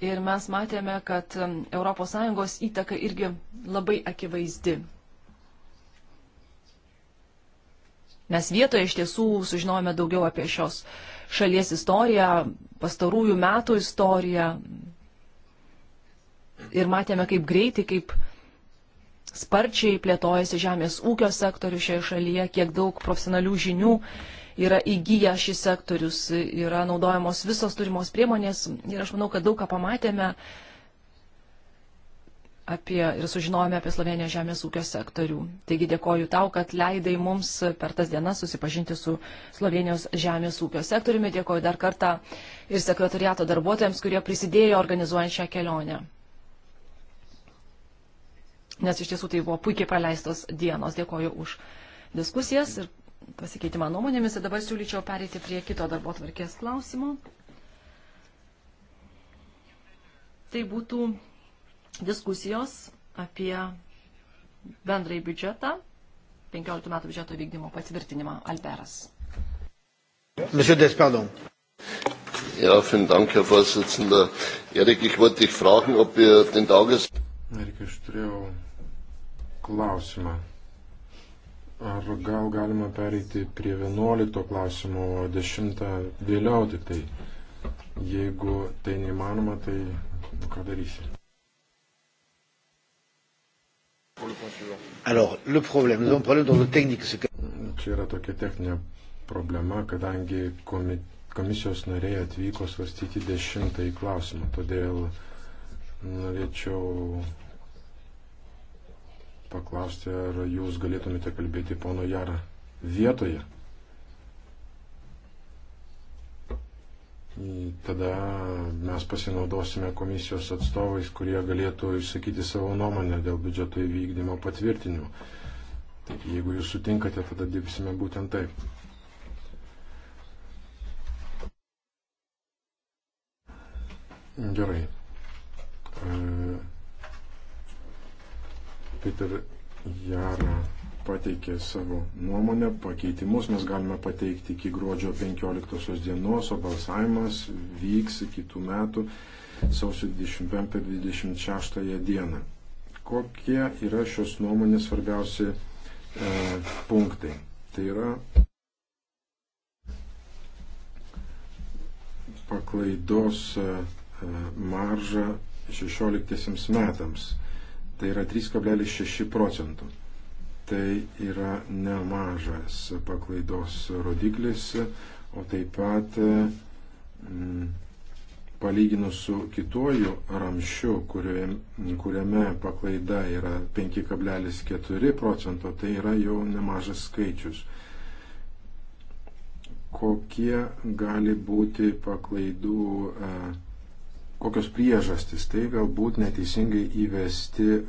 ir mes matėme, kad um, ES įtaka irgi labai akivaizdi. Mes vietoje iš tiesų sužinojome daugiau apie šios šalies istoriją, pastarųjų metų istoriją ir matėme, kaip greitai, kaip sparčiai plėtojasi žemės ūkio sektorius šioje šalyje, kiek daug profesionalių žinių yra įgyję šis sektorius, yra naudojamos visos turimos priemonės ir aš manau, kad daug ką pamatėme apie, ir sužinojome apie Slovenijos žemės ūkio sektorių. Taigi dėkoju tau, kad leidai mums per tas dienas susipažinti su Slovenijos žemės ūkio sektoriumi. Dėkoju dar kartą ir sekretariato darbuotojams, kurie prisidėjo organizuojant šią kelionę nes iš tiesų tai buvo puikiai praleistos dienos. Dėkoju už diskusijas ir pasikeitimą nuomonėmis. Ir dabar siūlyčiau pereiti prie kito darbo tvarkės klausimo. Tai būtų diskusijos apie bendrai biudžetą, 15 metų biudžeto vykdymo patvirtinimą. Alberas. Monsieur Despardon. Ja, vielen Dank, Herr Vorsitzender. Erik, ich wollte dich fragen, ob wir den Tages... Erik, ich turėjau klausimą. Ar gal galima pereiti prie 11 klausimo, o 10 vėliau tik tai. Jeigu tai neįmanoma, tai ką darysi? Alors, le problème, nous avons un problème dans le technique. Čia yra tokia techninė problema, kadangi komisijos nariai atvyko svarstyti dešimtąjį klausimą, todėl norėčiau paklausti, ar jūs galėtumėte kalbėti pono Jarą vietoje. Tada mes pasinaudosime komisijos atstovais, kurie galėtų išsakyti savo nuomonę dėl biudžeto įvykdymo patvirtinimo. Taip, jeigu jūs sutinkate, tada dirbsime būtent taip. Gerai. E Peter Jara pateikė savo nuomonę, pakeitimus mes galime pateikti iki gruodžio 15 dienos, o balsavimas vyks kitų metų sausio 25-26 dieną. Kokie yra šios nuomonės svarbiausi e, punktai? Tai yra paklaidos e, marža 16 metams tai yra 3,6 procentų. Tai yra nemažas paklaidos rodiklis, o taip pat mm, palyginus su kituoju ramščiu, kuriame, kuriame paklaida yra 5,4 procento, tai yra jau nemažas skaičius. Kokie gali būti paklaidų uh, kokios priežastys. Tai galbūt neteisingai įvesti e, e,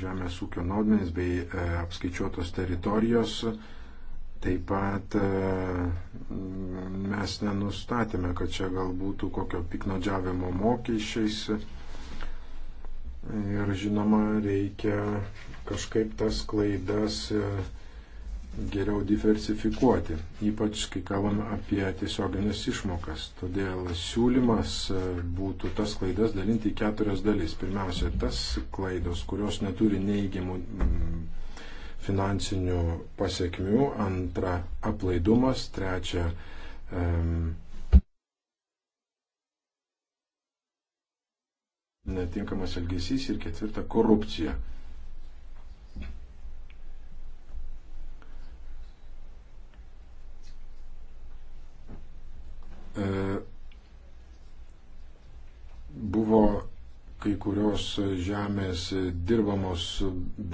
žemės ūkio naudmenys bei e, apskaičiuotos teritorijos. Taip pat mes nenustatėme, kad čia gal būtų kokio piknodžiavimo mokesčiais. Ir žinoma, reikia kažkaip tas klaidas geriau diversifikuoti, ypač kai kalbam apie tiesioginės išmokas. Todėl siūlymas e, būtų tas klaidas dalinti į keturias dalis. Pirmiausia, tas klaidos, kurios neturi neįgimų mm, finansinių pasiekmių, antra, aplaidumas, trečia, um, netinkamas elgesys ir ketvirta, korupcija. E, buvo kai kurios žemės dirbamos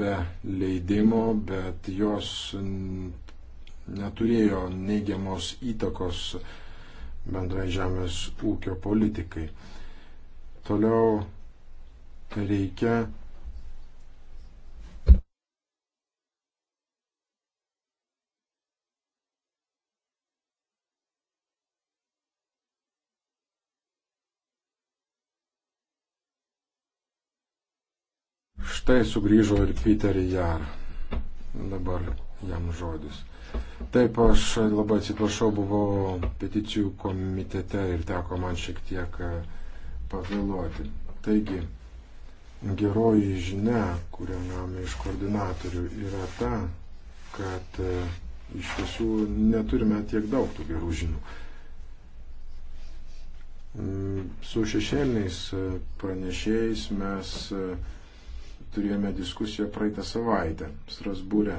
be leidimo, bet jos neturėjo neigiamos įtakos bendrai žemės ūkio politikai. Toliau reikia štai sugrįžo ir Peterį Jarą. Dabar jam žodis. Taip, aš labai atsiprašau, buvau peticijų komitete ir teko man šiek tiek e, pavėluoti. Taigi, geroji žinia, kurią gavome iš koordinatorių, yra ta, kad e, iš tiesų neturime tiek daug tų gerų žinių. Mm, su šešėliniais e, pranešėjais mes turėjome diskusiją praeitą savaitę Strasbūrė.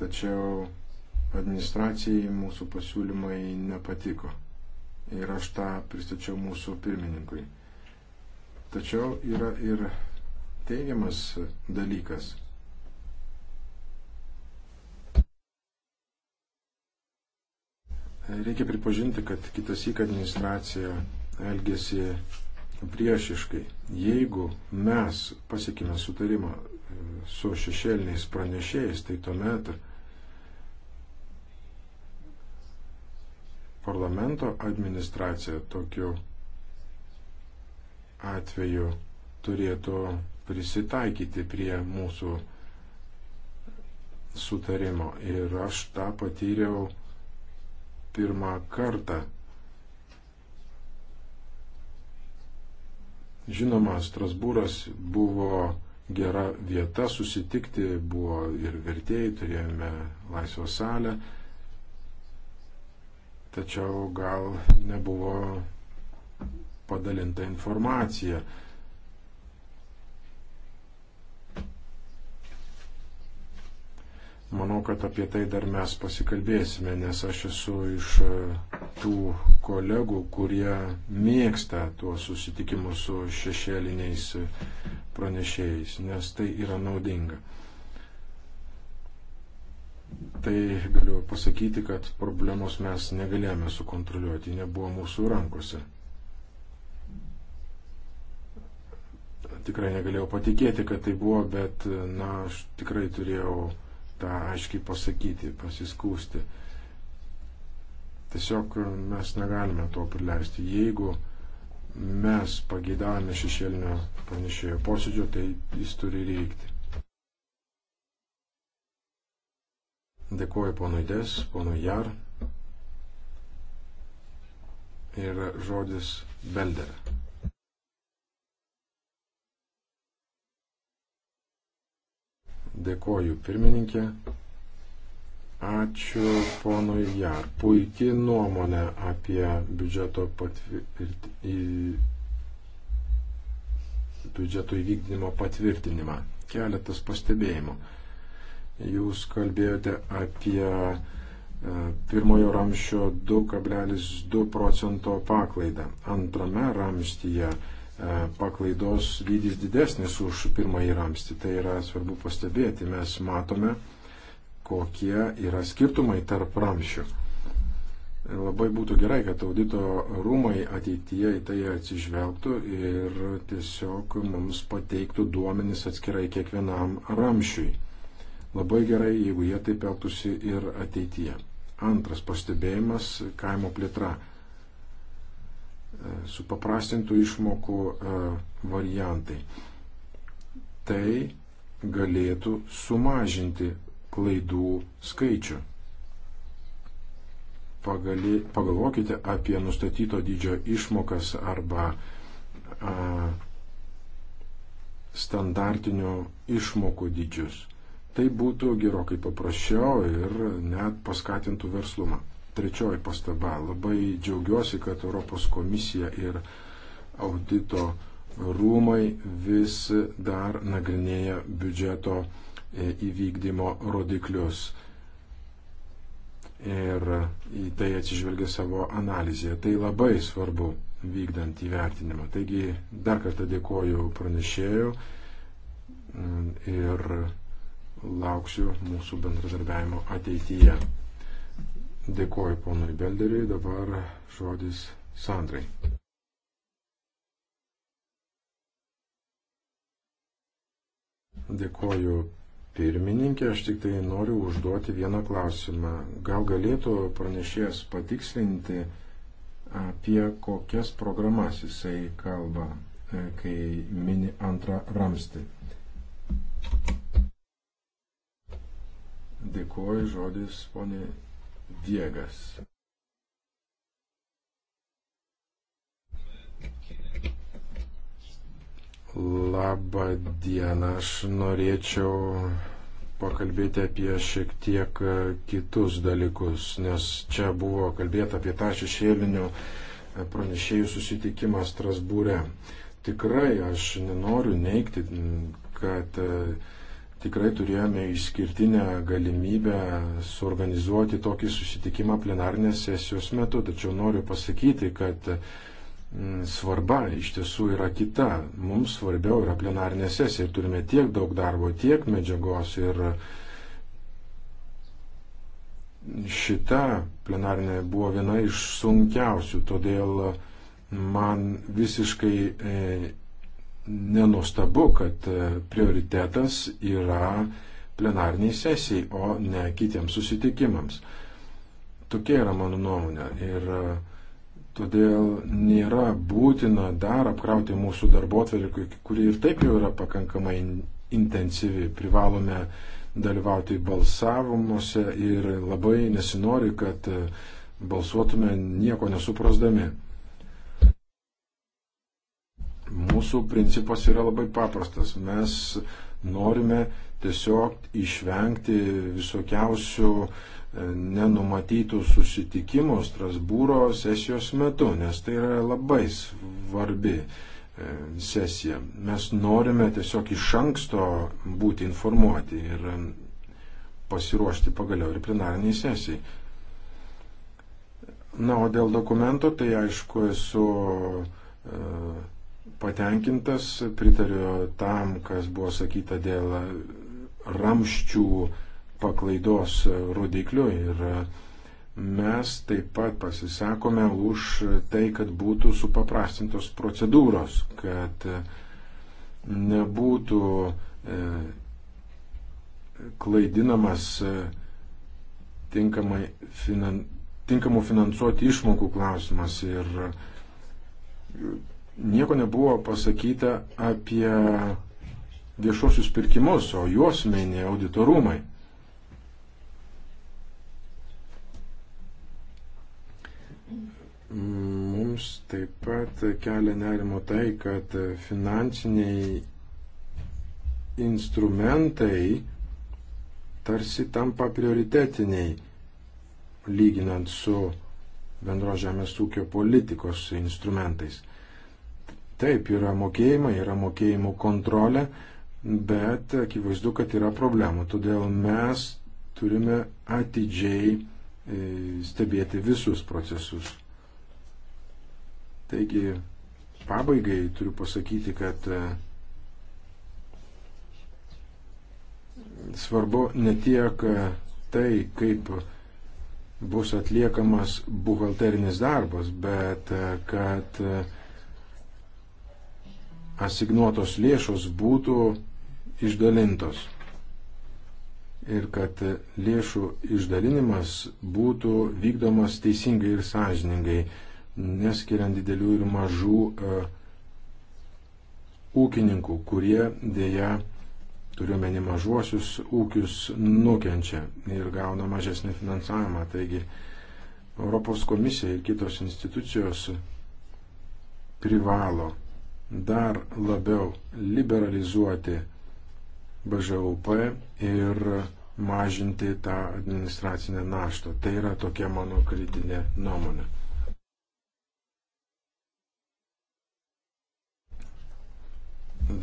Tačiau administracijai mūsų pasiūlymai nepatiko. Ir aš tą pristačiau mūsų pirmininkui. Tačiau yra ir teigiamas dalykas. Reikia pripažinti, kad kitas įk administracija elgesi priešiškai. Jeigu mes pasiekime sutarimą e, su šešėliniais pranešėjais, tai tuomet parlamento administracija tokiu atveju turėtų prisitaikyti prie mūsų sutarimo. Ir aš tą patyriau pirmą kartą Žinoma, Strasbūras buvo gera vieta susitikti, buvo ir vertėjai, turėjome laisvą salę, tačiau gal nebuvo padalinta informacija Manau, kad apie tai dar mes pasikalbėsime, nes aš esu iš e, tų kolegų, kurie mėgsta tuos susitikimus su šešėliniais e, pranešėjais, nes tai yra naudinga. Tai galiu pasakyti, kad problemos mes negalėjome sukontroliuoti, nebuvo mūsų rankose. Tikrai negalėjau patikėti, kad tai buvo, bet, e, na, aš tikrai turėjau tą aiškiai pasakyti, pasiskūsti. Tiesiog mes negalime to prileisti. Jeigu mes pageidavome šešėlinio pranešėjo posėdžio, tai jis turi reikti. Dėkuoju ponui Des, ponui Jar ir žodis Belder. Dėkoju pirmininkė. Ačiū ponui Jar. Puikiai nuomonė apie biudžeto patvirtinimą. Biudžeto įvykdymo patvirtinimą. Keletas pastebėjimų. Jūs kalbėjote apie e, pirmojo ramščio 2,2 procento paklaidą. Antrame ramštyje E, paklaidos lygis didesnis už pirmąjį ramstį. Tai yra svarbu pastebėti. Mes matome, kokie yra skirtumai tarp ramščių. Labai būtų gerai, kad audito rūmai ateityje į tai atsižvelgtų ir tiesiog mums pateiktų duomenis atskirai kiekvienam ramšiui. Labai gerai, jeigu jie taip elgtųsi ir ateityje. Antras pastebėjimas - kaimo plėtra supaprastintų išmokų e, variantai. Tai galėtų sumažinti klaidų skaičių. Pagali, pagalvokite apie nustatyto dydžio išmokas arba a, e, standartinių išmokų dydžius. Tai būtų gerokai paprasčiau ir net paskatintų verslumą. Trečioji pastaba. Labai džiaugiuosi, kad Europos komisija ir audito rūmai vis dar nagrinėja biudžeto e, įvykdymo rodiklius. Ir į tai atsižvelgia savo analizėje. Tai labai svarbu vykdant įvertinimą. Taigi dar kartą dėkoju pranešėjų mm, ir lauksiu mūsų bendradarbiavimo ateityje. Dėkoju ponui Belderiui, dabar žodis Sandrai. Dėkoju pirmininkė, aš tik tai noriu užduoti vieną klausimą. Gal galėtų pranešėjas patikslinti, apie kokias programas jisai kalba, e, kai mini antrą ramstį. Dėkuoju žodis, ponė Diegas. Labą dieną, aš norėčiau pakalbėti apie šiek tiek kitus dalykus, nes čia buvo kalbėta apie tą šešėlinio pranešėjų susitikimą Strasbūre. Tikrai aš nenoriu neikti, kad uh, tikrai turėjome išskirtinę galimybę suorganizuoti tokį susitikimą plenarnės sesijos metu, tačiau noriu pasakyti, kad mm, svarba iš tiesų yra kita. Mums svarbiau yra plenarnė sesija ir turime tiek daug darbo, tiek medžiagos ir šita plenarnė buvo viena iš sunkiausių, todėl man visiškai e, nenustabu, kad e, prioritetas yra plenarniai sesijai, o ne kitiems susitikimams. Tokia yra mano nuomonė. Ir e, todėl nėra būtina dar apkrauti mūsų darbo atverkį, kuri ir taip jau yra pakankamai intensyvi. Privalome dalyvauti balsavimuose ir labai nesinori, kad e, balsuotume nieko nesuprasdami. Mūsų principas yra labai paprastas. Mes norime tiesiog išvengti visokiausių e, nenumatytų susitikimų Strasbūro sesijos metu, nes tai yra labai svarbi e, sesija. Mes norime tiesiog iš anksto būti informuoti ir pasiruošti pagaliau ir plenariniai sesijai. Na, o dėl dokumento, tai aišku, esu e, patenkintas, pritariu tam, kas buvo sakyta dėl ramščių paklaidos rodiklių ir mes taip pat pasisakome už tai, kad būtų supaprastintos procedūros, kad nebūtų e, klaidinamas e, tinkamai finan, tinkamų finansuoti išmokų klausimas ir nieko nebuvo pasakyta apie viešuosius pirkimus, o juos meni auditorumai. Mums taip pat kelia nerimo tai, kad finansiniai instrumentai tarsi tampa prioritetiniai lyginant su bendro žemės ūkio politikos instrumentais. Taip, yra mokėjimai, yra mokėjimų kontrolė, bet akivaizdu, kad yra problemų. Todėl mes turime atidžiai e, stebėti visus procesus. Taigi, pabaigai turiu pasakyti, kad e, svarbu ne tiek e, tai, kaip bus atliekamas buhalterinis darbas, bet kad asignuotos lėšos būtų išdalintos ir kad lėšų išdalinimas būtų vykdomas teisingai ir sąžiningai, neskiriant didelių ir mažų e, ūkininkų, kurie dėja, turiuomenį mažuosius ūkius, nukenčia ir gauna mažesnį finansavimą. Taigi Europos komisija ir kitos institucijos privalo dar labiau liberalizuoti BŽUP ir mažinti tą administracinę naštą. Tai yra tokia mano kritinė nuomonė.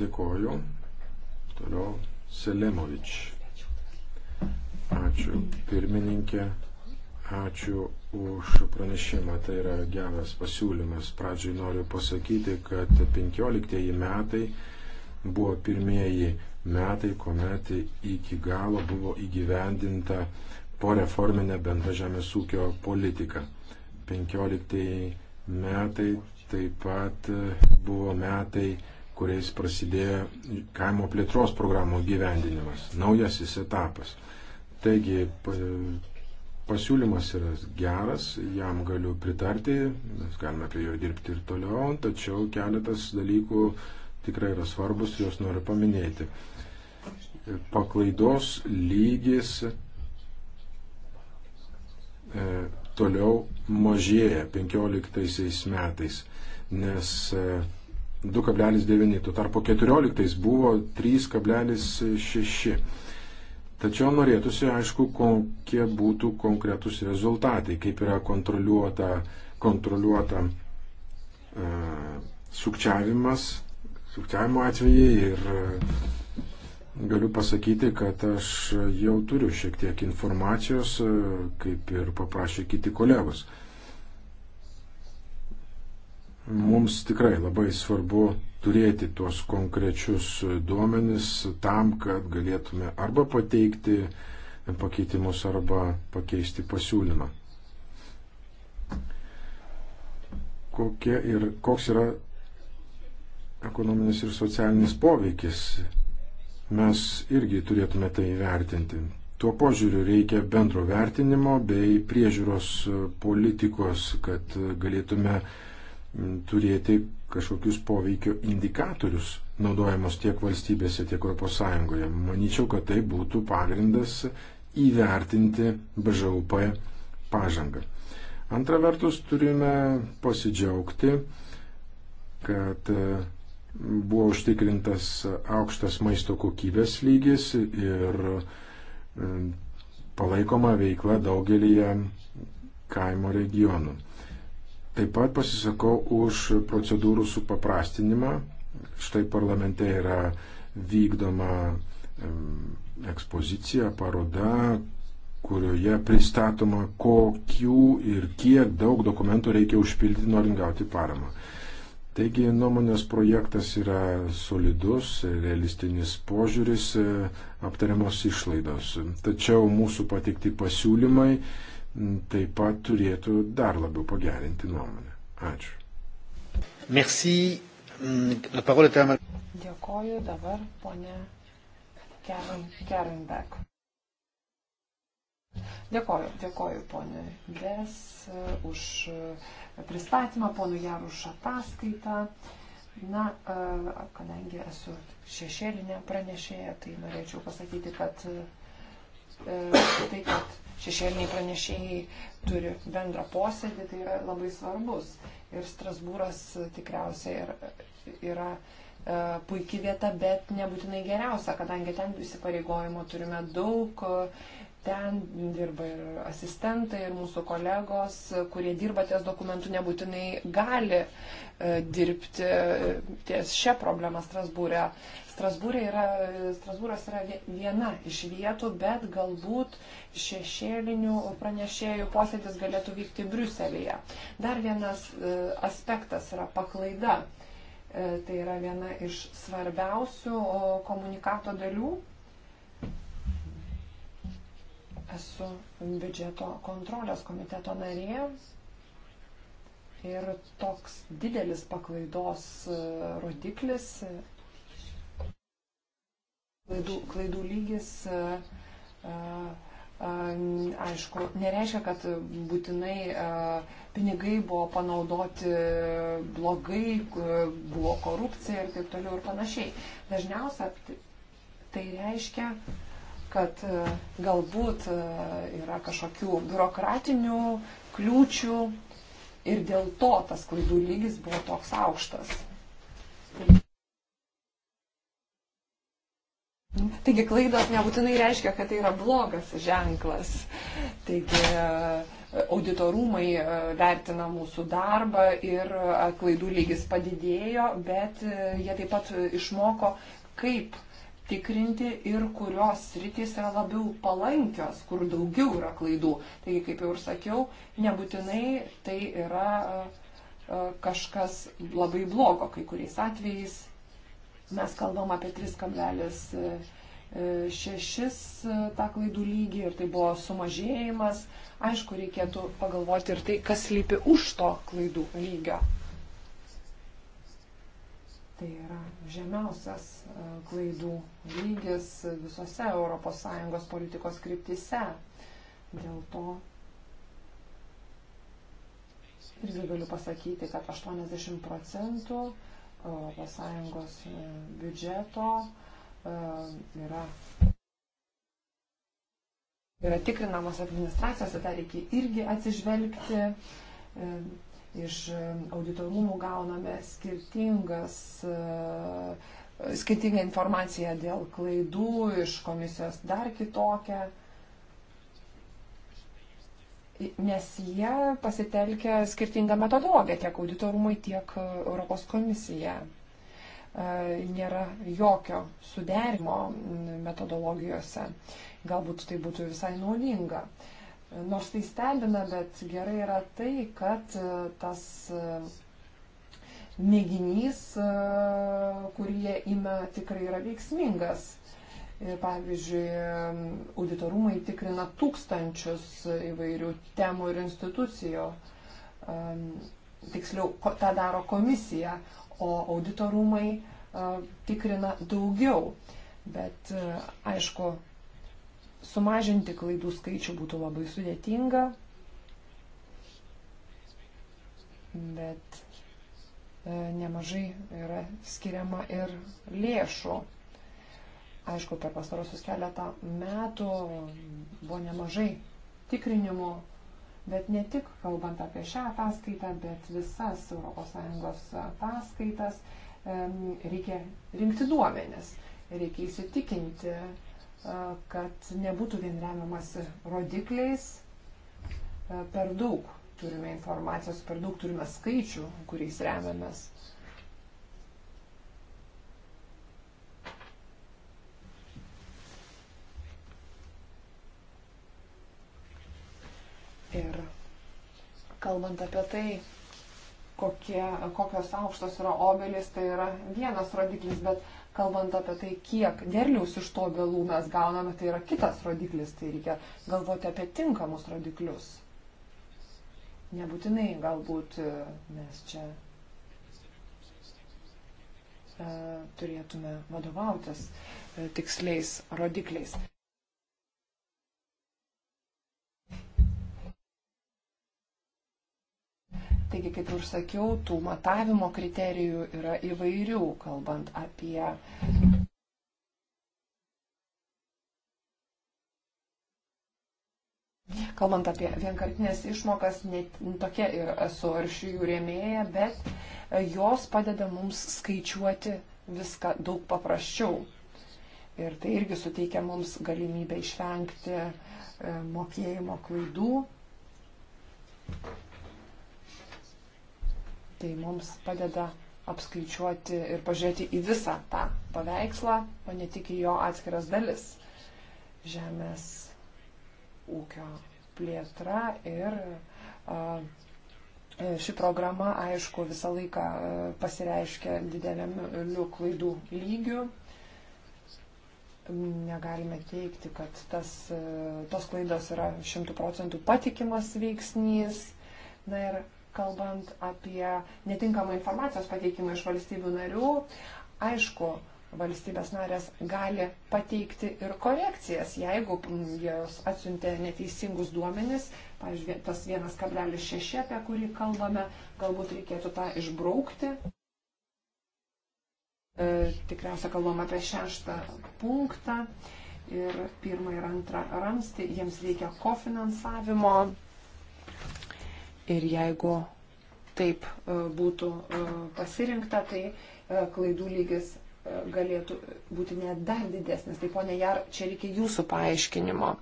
Dėkoju. Toliau Selemovič. Ačiū pirmininkė. Ačiū už pranešimą, tai yra geras pasiūlymas. Pradžiai noriu pasakyti, kad 15 metai buvo pirmieji metai, kuomet iki galo buvo įgyvendinta po reforminė bendra žemės ūkio politika. 15 metai taip pat buvo metai, kuriais prasidėjo kaimo plėtros programų gyvendinimas, naujasis etapas. Taigi Pasiūlymas yra geras, jam galiu pritarti, mes galime prie jo dirbti ir toliau, tačiau keletas dalykų tikrai yra svarbus, juos noriu paminėti. Paklaidos lygis e, toliau mažėja 15 metais, nes 2,9, e, tuo tarpu 14 buvo 3,6. Tačiau norėtųsi, aišku, kokie būtų konkretus rezultatai, kaip yra kontroliuota, kontroliuota e, sukčiavimas, sukčiavimo atvejai ir e, galiu pasakyti, kad aš jau turiu šiek tiek informacijos, e, kaip ir paprašė kiti kolegos. Mums tikrai labai svarbu turėti tuos konkrečius duomenis tam, kad galėtume arba pateikti pakeitimus, arba pakeisti pasiūlymą. Kokie ir koks yra ekonominis ir socialinis poveikis, mes irgi turėtume tai įvertinti. Tuo požiūriu reikia bendro vertinimo bei priežiūros politikos, kad galėtume turėti kažkokius poveikio indikatorius naudojamos tiek valstybėse, tiek ES. Manyčiau, kad tai būtų pagrindas įvertinti BŽUP pažangą. Antra vertus, turime pasidžiaugti, kad e, buvo užtikrintas aukštas maisto kokybės lygis ir e, palaikoma veikla daugelį kaimo regionų. Taip pat pasisakau už procedūrų supaprastinimą. Štai parlamente yra vykdoma ekspozicija, paroda, kurioje pristatoma, kokių ir kiek daug dokumentų reikia užpildyti, norint gauti paramą. Taigi nuomonės projektas yra solidus, realistinis požiūris, e, aptariamos išlaidos. Tačiau mūsų patikti pasiūlymai taip pat turėtų dar labiau pagerinti nuomonę. Ačiū. Merci. La parole est à madame. Dėkoju dabar ponia Kernbeck. Dėkoju, dėkoju ponė Des už pristatymą, ponų Jar už ataskaitą. Na, e, kadangi esu šešėlinė pranešėja, tai norėčiau pasakyti, kad e, tai, kad šešėliniai pranešėjai turi bendrą posėdį, tai yra labai svarbus. Ir Strasbūras tikriausiai yra, yra e, puikia vieta, bet nebūtinai geriausia, kadangi ten įsipareigojimo turime daug, ten dirba ir asistentai, ir mūsų kolegos, kurie dirba ties dokumentu, nebūtinai gali e, dirbti e, ties šią problemą Strasbūrę. E. Strasbūrė yra, Strasbūras yra viena iš vietų, bet galbūt šešėlinių pranešėjų posėdis galėtų vykti Briuselėje. Dar vienas e, aspektas yra paklaida. E, tai yra viena iš svarbiausių komunikato dalių. Esu biudžeto kontrolės komiteto narė. Ir toks didelis paklaidos e, rodiklis Klaidų, klaidų lygis, aišku, nereiškia, kad būtinai pinigai buvo panaudoti blogai, buvo korupcija ir taip toliau ir panašiai. Dažniausia tai reiškia, kad galbūt yra kažkokių biurokratinių kliūčių ir dėl to tas klaidų lygis buvo toks aukštas. Taigi klaidos nebūtinai reiškia, kad tai yra blogas ženklas. Taigi e, auditorumai e, vertina mūsų darbą ir e, klaidų lygis padidėjo, bet jie taip pat išmoko, kaip tikrinti ir kurios sritys yra labiau palankios, kur daugiau yra klaidų. Taigi, kaip jau ir sakiau, nebūtinai tai yra kažkas labai blogo kai kuriais atvejais Mes kalbam apie 3,6 e, tą klaidų lygį ir tai buvo sumažėjimas. Aišku, reikėtų pagalvoti ir tai, kas lypi už to klaidų lygio. Tai yra žemiausias e, klaidų lygis visose ES politikos kryptise. Dėl to irgi galiu pasakyti, kad 80 procentų ES e, biudžeto e, yra, yra tikrinamos administracijos, tai reikia irgi atsižvelgti. E, iš auditorumų gauname skirtingas, skirtingą informaciją dėl klaidų, iš komisijos dar kitokią nes jie pasitelkia skirtingą metodologiją tiek auditorumai, tiek e, Europos komisija. E, nėra jokio suderimo metodologijose. Galbūt tai būtų visai naudinga. Nors tai stebina, bet gerai yra tai, kad e, tas mėginys, kurį jie ima, tikrai yra veiksmingas. Ir pavyzdžiui, auditorumai tikrina tūkstančius įvairių temų ir institucijų. Tiksliau, tą daro komisija, o auditorumai e, tikrina daugiau. Bet e, aišku, sumažinti klaidų skaičių būtų labai sudėtinga. Bet e, nemažai yra skiriama ir lėšų Aišku, per pastarosius keletą metų buvo nemažai tikrinimų, bet ne tik kalbant apie šią ataskaitą, bet visas ES ataskaitas reikia rinkti duomenis, reikia įsitikinti, kad nebūtų vien remiamas rodikliais, per daug turime informacijos, per daug turime skaičių, kuriais remiamės. Ir kalbant apie tai, kokie, kokios aukštos yra obelis, tai yra vienas rodiklis, bet kalbant apie tai, kiek derliaus iš to obelų mes gauname, tai yra kitas rodiklis, tai reikia galvoti apie tinkamus rodiklius. Nebūtinai galbūt e, mes čia e, turėtume vadovautis e, tiksliais rodikliais. Taigi, kaip ir sakiau, tų matavimo kriterijų yra įvairių, kalbant apie. Kalbant apie vienkartinės išmokas, net tokia ir esu aršių jų rėmėja, bet jos padeda mums skaičiuoti viską daug paprasčiau. Ir tai irgi suteikia mums galimybę išvengti e, mokėjimo klaidų. Tai mums padeda apskaičiuoti ir pažiūrėti į visą tą paveikslą, o ne tik į jo atskiras dalis. Žemės ūkio plėtra ir a, e, ši programa, aišku, visą laiką e, pasireiškia dideliu klaidų lygiu. Negalime teikti, kad tas, e, tos klaidos yra šimtų procentų patikimas veiksnys. Na ir kalbant apie netinkamą informacijos pateikimą iš valstybių narių, aišku, valstybės narės gali pateikti ir korekcijas, jeigu mm, jos atsiuntė neteisingus duomenis, pavyzdžiui, tas 1,6, apie kurį kalbame, galbūt reikėtų tą išbraukti. E, tikriausia kalbam apie šeštą punktą ir pirmą ir antrą ramstį, jiems reikia kofinansavimo. Ir jeigu taip e, būtų e, pasirinkta, tai e, klaidų lygis galėtų būti net dar didesnis. Tai ponė Jar, čia reikia jūsų paaiškinimo.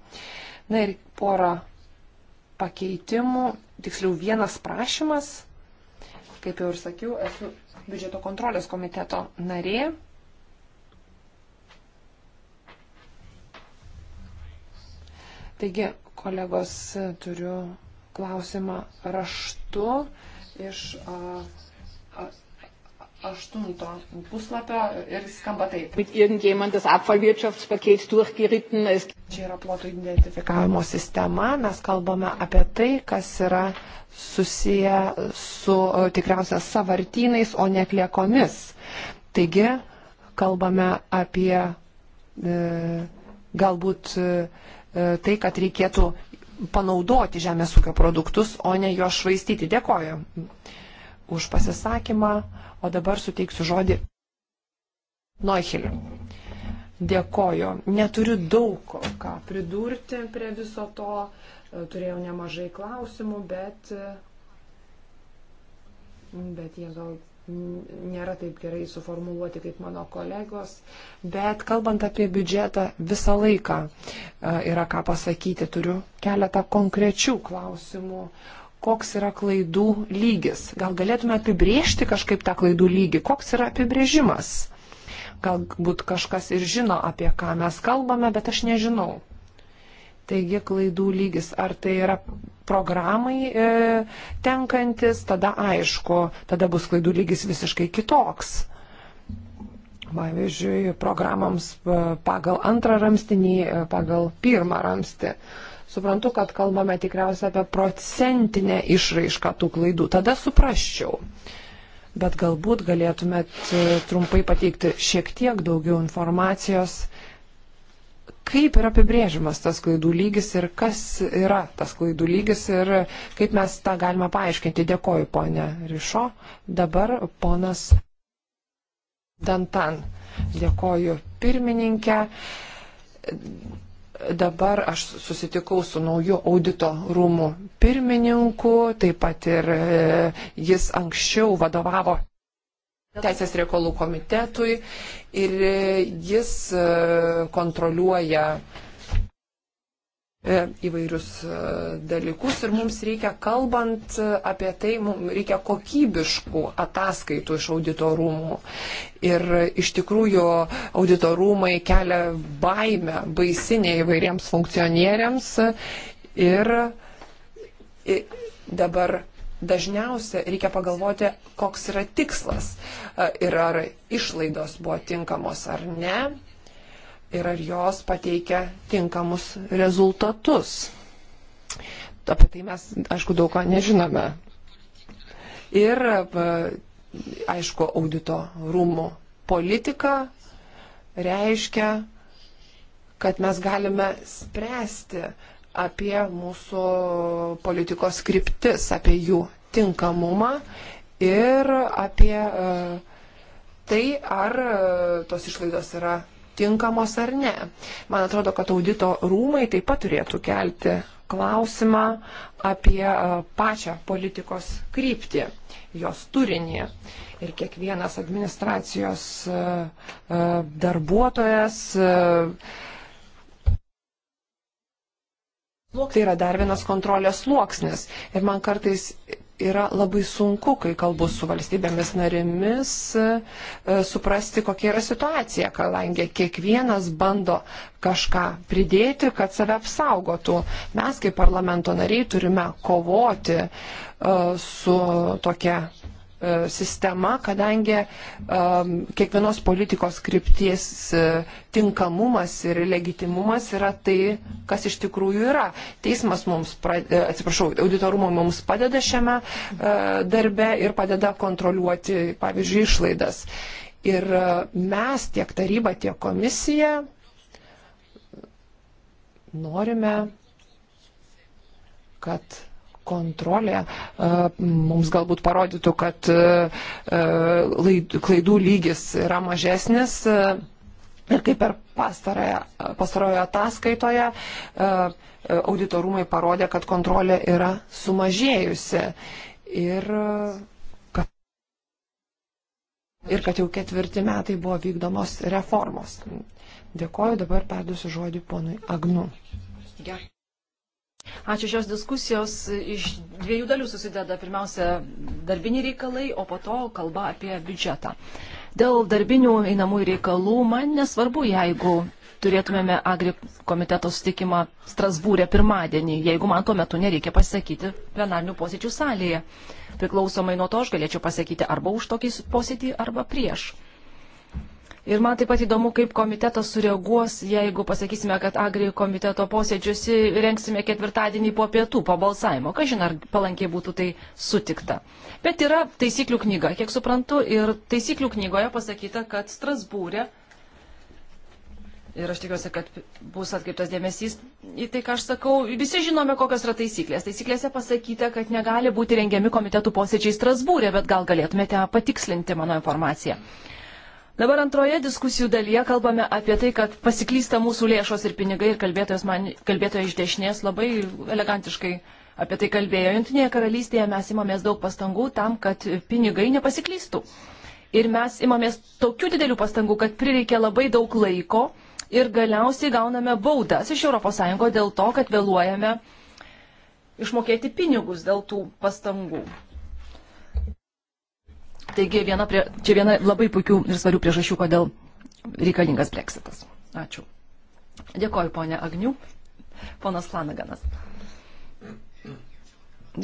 Na ir pora pakeitimų, tiksliau vienas prašymas. Kaip jau ir sakiau, esu biudžeto kontrolės komiteto narė. Taigi, kolegos, turiu klausimą raštu iš aštunto puslapio ir skamba taip. Čia yra plotų identifikavimo sistema, mes kalbame apie tai, kas yra susiję su tikriausia savartynais, o ne kliekomis. Taigi, kalbame apie e, galbūt e, tai, kad reikėtų panaudoti žemės ūkio produktus, o ne juos švaistyti. Dėkoju už pasisakymą, o dabar suteiksiu žodį Noichiliu. Dėkoju. Neturiu daug ką pridurti prie viso to. Turėjau nemažai klausimų, bet, bet jie gal nėra taip gerai suformuluoti kaip mano kolegos, bet kalbant apie biudžetą visą laiką e, yra ką pasakyti. Turiu keletą konkrečių klausimų. Koks yra klaidų lygis? Gal galėtume apibriežti kažkaip tą klaidų lygį? Koks yra apibrėžimas? Galbūt kažkas ir žino, apie ką mes kalbame, bet aš nežinau. Taigi klaidų lygis, ar tai yra programai e, tenkantis, tada aišku, tada bus klaidų lygis visiškai kitoks. Pavyzdžiui, programams e, pagal antrą ramstinį, e, pagal pirmą ramstį. Suprantu, kad kalbame tikriausiai apie procentinę išraišką tų klaidų. Tada suprasčiau. Bet galbūt galėtumėt e, trumpai pateikti šiek tiek daugiau informacijos kaip yra apibrėžimas tas klaidų lygis ir kas yra tas klaidų lygis ir kaip mes tą galime paaiškinti. Dėkoju, ponė Rišo. Dabar ponas Dantan. Dėkoju pirmininkė. Dabar aš susitikau su nauju audito rūmų pirmininku, taip pat ir e, jis anksčiau vadovavo Teisės reikalų komitetui ir e, jis e, kontroliuoja e, įvairius dalykus ir mums reikia, kalbant apie tai, mums reikia kokybiškų ataskaitų iš auditorumų. Ir iš tikrųjų auditorumai kelia baimę, baisinę įvairiems funkcionieriams. Ir dabar dažniausia reikia pagalvoti, koks yra tikslas e, ir ar išlaidos buvo tinkamos ar ne ir ar jos pateikia tinkamus rezultatus. Apie tai mes, aišku, daug ko nežinome. Ir, e, aišku, audito rūmų politika reiškia, kad mes galime spręsti uh, apie mūsų politikos kryptis, apie jų tinkamumą ir apie e, tai, ar e, tos išlaidos yra tinkamos ar ne. Man atrodo, kad audito rūmai taip pat turėtų kelti klausimą apie e, pačią politikos kryptį, jos turinį. Ir kiekvienas administracijos darbuotojas Tai yra dar vienas kontrolės sluoksnis. Ir man kartais yra labai sunku, kai kalbu su valstybėmis narėmis, e, suprasti, kokia yra situacija, kadangi kiekvienas bando kažką pridėti, kad save apsaugotų. Mes kaip parlamento nariai turime kovoti e, su tokia E, sistema, kadangi um, kiekvienos politikos krypties uh, tinkamumas ir legitimumas yra tai, kas iš tikrųjų yra. Teismas mums, pra, uh, atsiprašau, auditorumai mums padeda šiame uh, darbe ir padeda kontroliuoti, pavyzdžiui, išlaidas. Ir uh, mes, tiek taryba, tiek komisija, norime, kad kontrolė mums galbūt parodytų, kad klaidų lygis yra mažesnis. Ir kaip per pastarojo ataskaitoje auditorumai parodė, kad kontrolė yra sumažėjusi. Ir kad, ir kad jau ketvirti metai buvo vykdomos reformos. Dėkoju, dabar perdusiu žodį ponui Agnu. Gerai. Ačiū šios diskusijos iš dviejų dalių susideda. Pirmiausia, darbiniai reikalai, o po to kalba apie biudžetą. Dėl darbinių einamųjų reikalų man nesvarbu, jeigu turėtumėme agri komiteto sutikimą Strasbūrė pirmadienį, jeigu man tuo metu nereikia pasakyti plenarnių posėdžių salėje. Priklausomai nuo to aš galėčiau pasakyti arba už tokį posėdį, arba prieš. Ir man taip pat įdomu, kaip komitetas sureaguos, jeigu pasakysime, kad Agri komiteto posėdžius rengsime ketvirtadienį po pietų, po balsavimo. Kažin ar palankiai būtų tai sutikta. Bet yra taisyklių knyga, kiek suprantu, ir taisyklių knygoje pasakyta, kad Strasbūrė. Ir aš tikiuosi, kad bus atkreiptas dėmesys į tai, ką aš sakau. Visi žinome, kokios yra taisyklės. Taisyklėse pasakyta, kad negali būti rengiami komitetų posėdžiai Strasbūrė, bet gal galėtumėte patikslinti mano informaciją. Mm. Dabar antroje diskusijų dalyje kalbame apie tai, kad pasiklysta mūsų lėšos ir pinigai ir kalbėtojas, man, kalbėtojas iš dešinės labai elegantiškai apie tai kalbėjo. Jungtinėje karalystėje mes imamės daug pastangų tam, kad pinigai nepasiklystų. Ir mes imamės tokių didelių pastangų, kad prireikia labai daug laiko ir galiausiai gauname baudas iš ES dėl to, kad vėluojame išmokėti pinigus dėl tų pastangų. Taigi viena prie, čia viena labai puikių ir svarių priežasčių, kodėl reikalingas breksitas. Ačiū. Dėkoju, ponė Agnių. Ponas Lanaganas.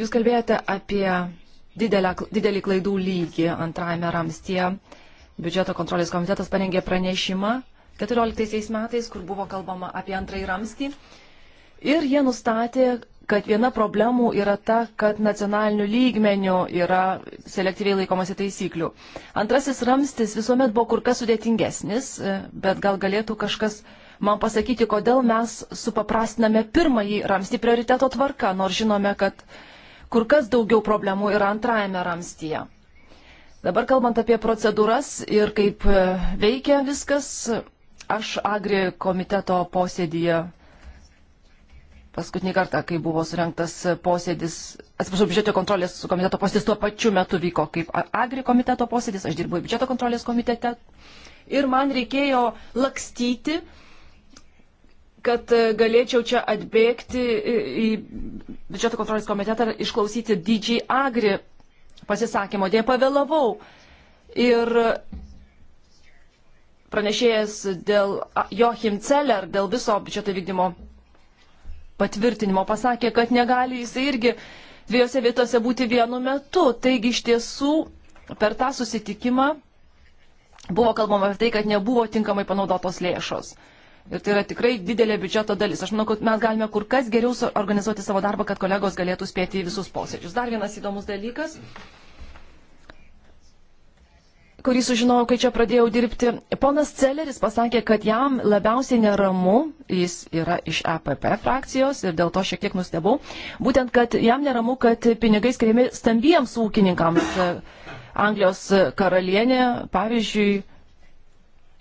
Jūs kalbėjote apie didelę, didelį klaidų lygį antrajame ramstie. Biudžeto kontrolės komitetas parengė pranešimą 14 metais, kur buvo kalbama apie antrąjį ramstį. Ir jie nustatė, kad viena problemų yra ta, kad nacionaliniu lygmeniu yra selektyviai laikomasi taisyklių. Antrasis ramstis visuomet buvo kur kas sudėtingesnis, e, bet gal galėtų kažkas man pasakyti, kodėl mes supaprastiname pirmąjį ramstį prioriteto tvarką, nors žinome, kad kur kas daugiau problemų yra antrajame ramstyje. Dabar kalbant apie procedūras ir kaip e, veikia viskas, aš Agri komiteto posėdėje Paskutinį kartą, kai buvo surinktas posėdis, atsiprašau, biudžeto kontrolės komiteto posėdis tuo pačiu metu vyko kaip agri komiteto posėdis, aš dirbau biudžeto kontrolės komitete ir man reikėjo lakstyti, kad e, galėčiau čia atbėgti į biudžeto kontrolės komitetą ir išklausyti DJ Agri pasisakymo. Dėja, pavėlavau. Ir pranešėjas dėl Joachim Celler, dėl viso biudžeto vykdymo patvirtinimo pasakė, kad negali jis irgi dviejose vietose būti vienu metu. Taigi iš tiesų per tą susitikimą buvo kalbama apie tai, kad nebuvo tinkamai panaudotos lėšos. Ir tai yra tikrai didelė biudžeto dalis. Aš manau, kad mes galime kur kas geriau organizuoti savo darbą, kad kolegos galėtų spėti į visus posėdžius. Dar vienas įdomus dalykas kurį sužinojau, kai čia pradėjau dirbti. Ponas Celeris pasakė, kad jam labiausiai neramu, jis yra iš EPP frakcijos ir dėl to šiek tiek nustebau, būtent, kad jam neramu, kad pinigai skiriami stambiems ūkininkams. Anglijos karalienė, pavyzdžiui,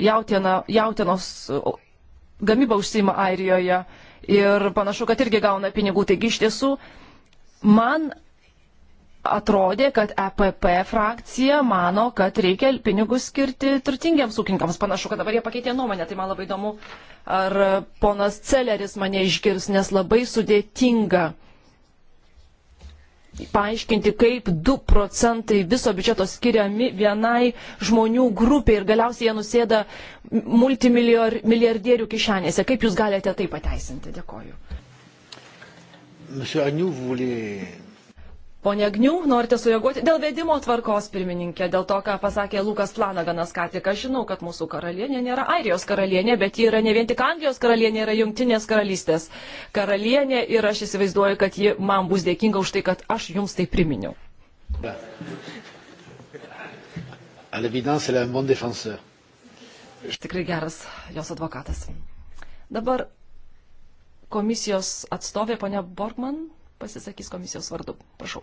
jautiena, jautienos gamyba užsima Airijoje ir panašu, kad irgi gauna pinigų. Taigi iš tiesų man atrodė, kad EPP frakcija mano, kad reikia pinigus skirti turtingiems ūkininkams. Panašu, kad dabar jie pakeitė nuomonę, tai man labai įdomu, ar ponas Celeris mane išgirs, nes labai sudėtinga paaiškinti, kaip 2 procentai viso biudžeto skiriami vienai žmonių grupiai ir galiausiai jie nusėda multimilijardierių kišenėse. Kaip jūs galite tai pateisinti? Dėkoju. Monsieur Agnew, vous voulez Pone Gnių, norite sureaguoti? Dėl vedimo tvarkos, pirmininkė, dėl to, ką pasakė Lukas Planaganas ką tik, aš žinau, kad mūsų karalienė nėra Airijos karalienė, bet ji yra ne vien tik Anglijos karalienė, yra Junktinės karalystės karalienė ir aš įsivaizduoju, kad ji man bus dėkinga už tai, kad aš jums tai priminiau. Aš tikrai geras jos advokatas. Dabar komisijos atstovė, ponia Borgman, pasisakys komisijos vardu. Prašau.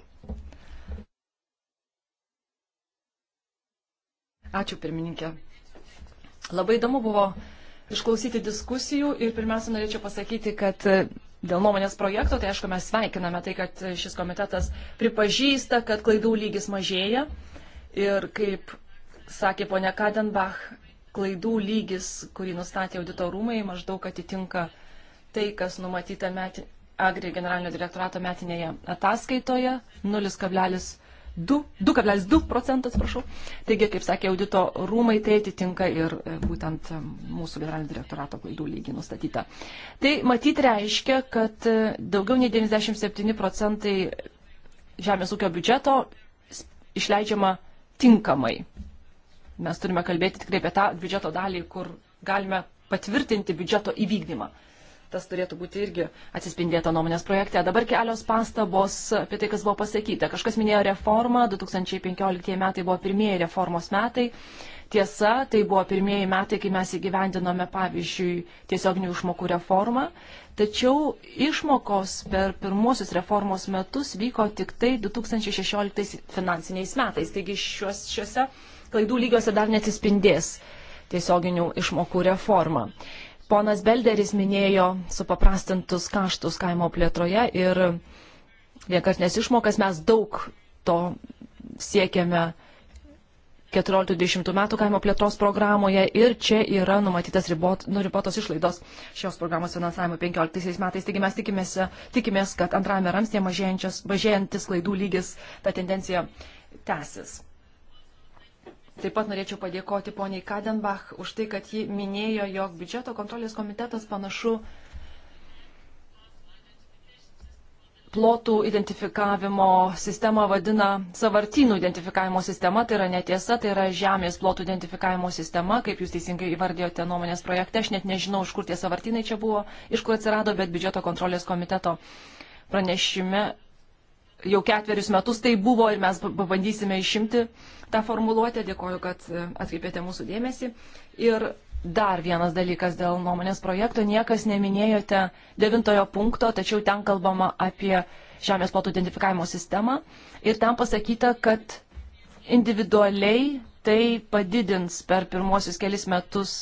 Ačiū, pirmininkė. Labai įdomu buvo išklausyti diskusijų ir pirmiausia norėčiau pasakyti, kad e, dėl nuomonės projekto, tai aišku, mes sveikiname tai, kad e, šis komitetas pripažįsta, kad klaidų lygis mažėja ir kaip sakė ponia Kadenbach, klaidų lygis, kurį nustatė auditorumai, maždaug atitinka tai, kas numatyta met, Agri generalinio direktorato metinėje ataskaitoje 0,2 procentų, atsiprašau. Taigi, kaip sakė audito rūmai, tai atitinka ir e, būtent e, mūsų generalinio direktorato klaidų lygį nustatyta. Tai matyti reiškia, kad e, daugiau nei 97 procentai žemės ūkio biudžeto išleidžiama tinkamai. Mes turime kalbėti tikrai apie tą biudžeto dalį, kur galime patvirtinti biudžeto įvykdymą tas turėtų būti irgi atsispindėta nuomonės projekte. Dabar kelios pastabos apie tai, kas buvo pasakyta. Kažkas minėjo reformą, 2015 metai buvo pirmieji reformos metai. Tiesa, tai buvo pirmieji metai, kai mes įgyvendinome, pavyzdžiui, tiesioginių išmokų reformą. Tačiau išmokos per pirmosius reformos metus vyko tik tai 2016 finansiniais metais. Taigi šiuos, šiuose klaidų lygiuose dar neatsispindės tiesioginių išmokų reforma. Ponas Belderis minėjo supaprastintus kaštus kaimo plėtroje ir vienkartinės išmokas mes daug to siekiame 14-20 metų kaimo plėtros programoje ir čia yra numatytas ribot, nuribotos išlaidos šios programos finansavimo 15 metais. Taigi mes tikimės, tikimės kad antrajame ramstėje mažėjantis klaidų lygis ta tendencija tęsis. Taip pat norėčiau padėkoti poniai Kadenbach už tai, kad ji minėjo, jog biudžeto kontrolės komitetas panašu plotų identifikavimo sistemą vadina savartynų identifikavimo sistema, tai yra netiesa, tai yra žemės plotų identifikavimo sistema, kaip jūs teisingai įvardėjote nuomonės projekte, aš net nežinau, iš kur tie savartynai čia buvo, iš kur atsirado, bet biudžeto kontrolės komiteto pranešime jau ketverius metus tai buvo ir mes pabandysime išimti tą formuluotę. Dėkoju, kad e, atkreipėte mūsų dėmesį. Ir dar vienas dalykas dėl nuomonės projekto. Niekas neminėjote devintojo punkto, tačiau ten kalbama apie žemės plotų identifikavimo sistemą. Ir ten pasakyta, kad individualiai tai padidins per pirmosius kelis metus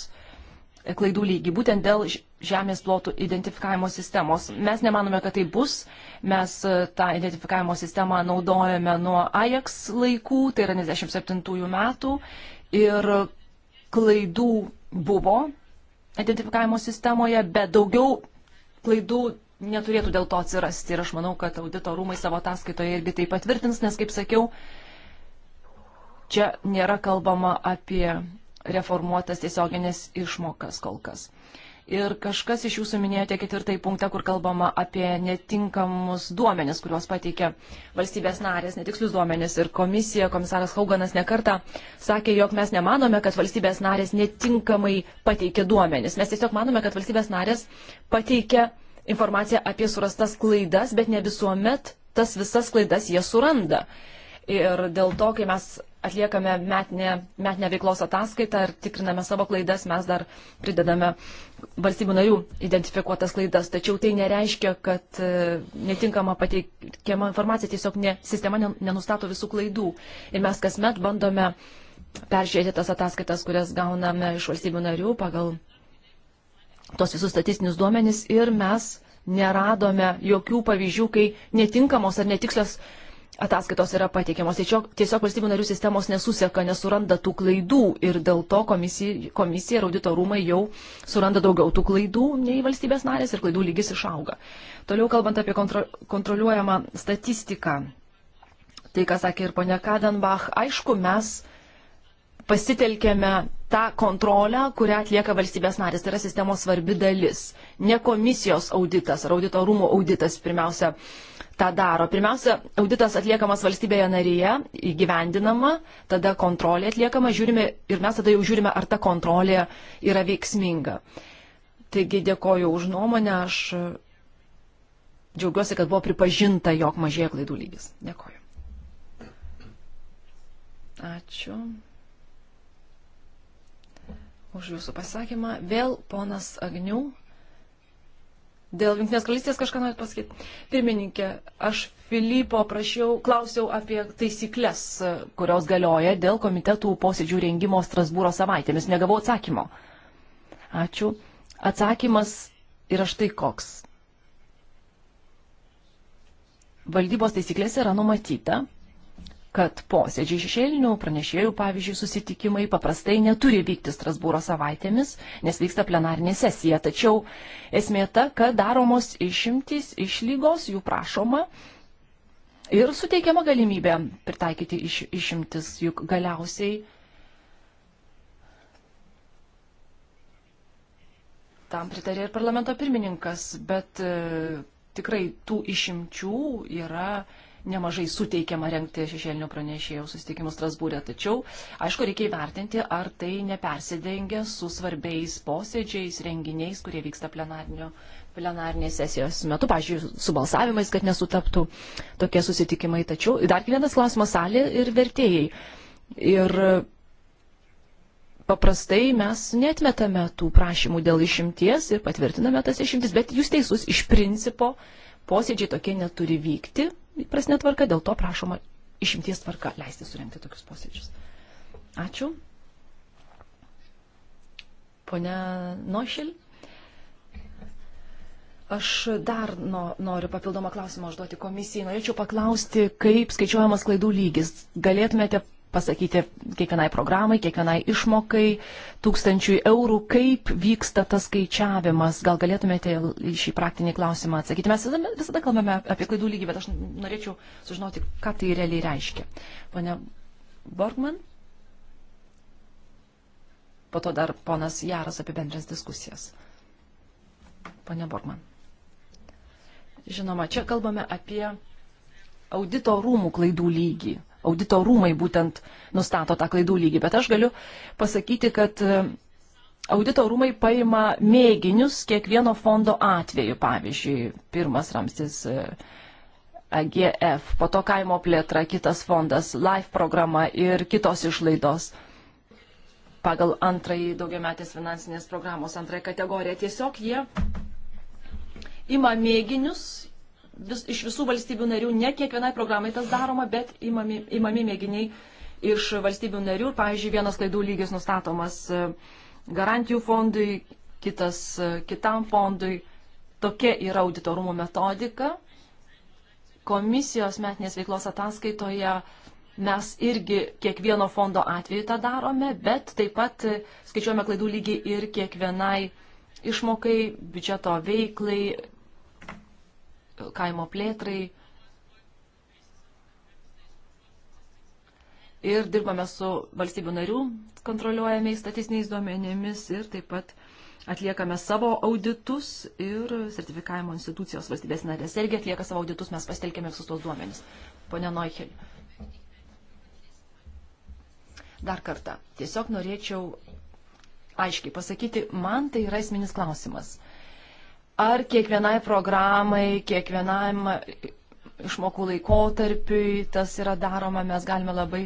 klaidų lygį, būtent dėl žemės plotų identifikavimo sistemos. Mes nemanome, kad tai bus. Mes e, tą identifikavimo sistemą naudojame nuo AJAX laikų, tai yra 97 metų. Ir klaidų buvo identifikavimo sistemoje, bet daugiau klaidų neturėtų dėl to atsirasti. Ir aš manau, kad audito rūmai savo ataskaitoje irgi tai patvirtins, nes, kaip sakiau, čia nėra kalbama apie reformuotas tiesioginės išmokas kol kas. Ir kažkas iš jūsų minėjote ketvirtąjį punktą, kur kalbama apie netinkamus duomenis, kuriuos pateikia valstybės narės, netikslius duomenis. Ir komisija, komisaras Hauganas nekarta sakė, jog mes nemanome, kad valstybės narės netinkamai pateikia duomenis. Mes tiesiog manome, kad valstybės narės pateikia informaciją apie surastas klaidas, bet ne visuomet tas visas klaidas jie suranda. Ir dėl to, kai mes atliekame metinę, metinę veiklos ataskaitą ir tikriname savo klaidas, mes dar pridedame valstybių narių identifikuotas klaidas. Tačiau tai nereiškia, kad e, netinkama pateikiama informacija tiesiog ne, sistema nenustato visų klaidų. Ir mes kasmet bandome peržiūrėti tas ataskaitas, kurias gauname iš valstybių narių pagal tos visus statistinius duomenis ir mes neradome jokių pavyzdžių, kai netinkamos ar netikslios ataskaitos yra pateikiamos. Tai tiesiog, tiesiog valstybių narių sistemos nesuseka, nesuranda tų klaidų ir dėl to komisija, komisija ir audito rūmai jau suranda daugiau tų klaidų nei valstybės narės ir klaidų lygis išauga. Toliau kalbant apie kontro, kontroliuojamą statistiką, tai ką sakė ir ponia Kadenbach, aišku, mes pasitelkėme tą kontrolę, kurią atlieka valstybės narės. Tai yra sistemos svarbi dalis. Ne komisijos auditas ar audito rūmų auditas pirmiausia tą daro. Pirmiausia, auditas atliekamas valstybėje narėje, įgyvendinama, tada kontrolė atliekama, žiūrime ir mes tada jau žiūrime, ar ta kontrolė yra veiksminga. Taigi dėkoju už nuomonę, aš džiaugiuosi, kad buvo pripažinta, jog mažėja klaidų lygis. Dėkoju. Ačiū už jūsų pasakymą. Vėl ponas Agnių Dėl Junktinės karalystės kažką norit pasakyti. Pirmininkė, aš Filipo prašiau, klausiau apie taisyklės, kurios galioja dėl komitetų posėdžių rengimo Strasbūro savaitėmis. Negavau atsakymo. Ačiū. Atsakymas yra štai koks. Valdybos taisyklėse yra numatyta, kad posėdžiai šešėlinių pranešėjų, pavyzdžiui, susitikimai paprastai neturi vykti Strasbūro savaitėmis, nes vyksta plenarinė sesija. Tačiau esmė ta, kad daromos išimtys, išlygos, jų prašoma ir suteikiama galimybė pritaikyti iš, išimtis, juk galiausiai tam pritarė ir parlamento pirmininkas, bet e, tikrai tų išimčių yra nemažai suteikiama renkti šešėlinio pranešėjo susitikimus Strasbūrė. Tačiau, aišku, reikia įvertinti, ar tai nepersidengia su svarbiais posėdžiais, renginiais, kurie vyksta plenarinės sesijos metu, pažiūrėjau, su balsavimais, kad nesutaptų tokie susitikimai. Tačiau dar vienas klausimas - salė ir vertėjai. Ir paprastai mes netmetame tų prašymų dėl išimties ir patvirtiname tas išimtis, bet jūs teisus, iš principo posėdžiai tokie neturi vykti įprasne tvarka, dėl to prašoma išimties tvarka leisti surenkti tokius posėdžius. Ačiū. Pone Nošil. Aš dar no, noriu papildomą klausimą užduoti komisijai. Norėčiau paklausti, kaip skaičiuojamas klaidų lygis. Galėtumėte pasakyti kiekvienai programai, kiekvienai išmokai, tūkstančiui eurų, kaip vyksta tas skaičiavimas. Gal galėtumėte į šį praktinį klausimą atsakyti. Mes visada, visada kalbame apie klaidų lygį, bet aš norėčiau sužinoti, ką tai realiai reiškia. Pone Borgman, po to dar ponas Jaras apibendrins diskusijas. Pone Borgman. Žinoma, čia kalbame apie audito rūmų klaidų lygį audito rūmai būtent nustato tą klaidų lygį. Bet aš galiu pasakyti, kad e, audito rūmai paima mėginius kiekvieno fondo atveju. Pavyzdžiui, pirmas ramstis e, AGF, po to kaimo plėtra, kitas fondas, LIFE programa ir kitos išlaidos pagal antrąjį daugiametės finansinės programos antrąją kategoriją. Tiesiog jie ima mėginius vis, iš visų valstybių narių, ne kiekvienai programai tas daroma, bet imami, imami mėginiai iš valstybių narių. Pavyzdžiui, vienas klaidų lygis nustatomas e, garantijų fondui, kitas e, kitam fondui. Tokia yra auditorumo metodika. Komisijos metinės veiklos ataskaitoje mes irgi kiekvieno fondo atveju tą darome, bet taip pat e, skaičiuojame klaidų lygį ir kiekvienai išmokai, biudžeto veiklai, kaimo plėtrai. Ir dirbame su valstybių narių kontroliuojamiais statistiniais duomenėmis ir taip pat atliekame savo auditus ir sertifikavimo institucijos valstybės narės irgi atlieka savo auditus, mes pastelkėme visus tos duomenys. Pone Noichel. Dar kartą, tiesiog norėčiau aiškiai pasakyti, man tai yra esminis klausimas – ar kiekvienai programai, kiekvienam išmokų laikotarpiui tas yra daroma, mes galime labai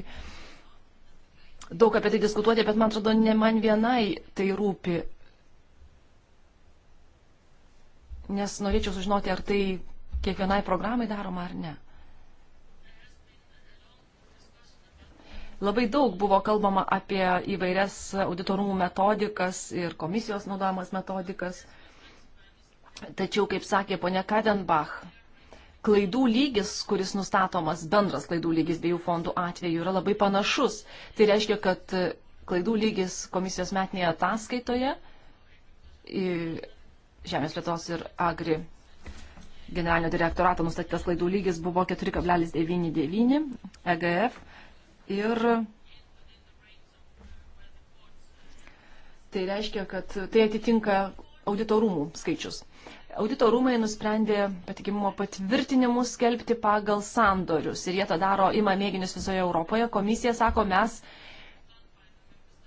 daug apie tai diskutuoti, bet man atrodo, ne man vienai tai rūpi. Nes norėčiau sužinoti, ar tai kiekvienai programai daroma ar ne. Labai daug buvo kalbama apie įvairias auditorumų metodikas ir komisijos naudojamas metodikas. Uh, Tačiau, kaip sakė ponia Kadenbach, klaidų lygis, kuris nustatomas bendras klaidų lygis dviejų fondų atveju, yra labai panašus. Tai reiškia, kad e, klaidų lygis komisijos metinėje ataskaitoje Žemės plėtos ir Agri generalinio direktorato nustatytas klaidų lygis buvo 4,99 EGF ir tai reiškia, kad tai atitinka auditorumų skaičius. Audito rūmai nusprendė patikimumo patvirtinimus skelbti pagal sandorius ir jie tą daro, ima mėginius visoje Europoje. Komisija sako, mes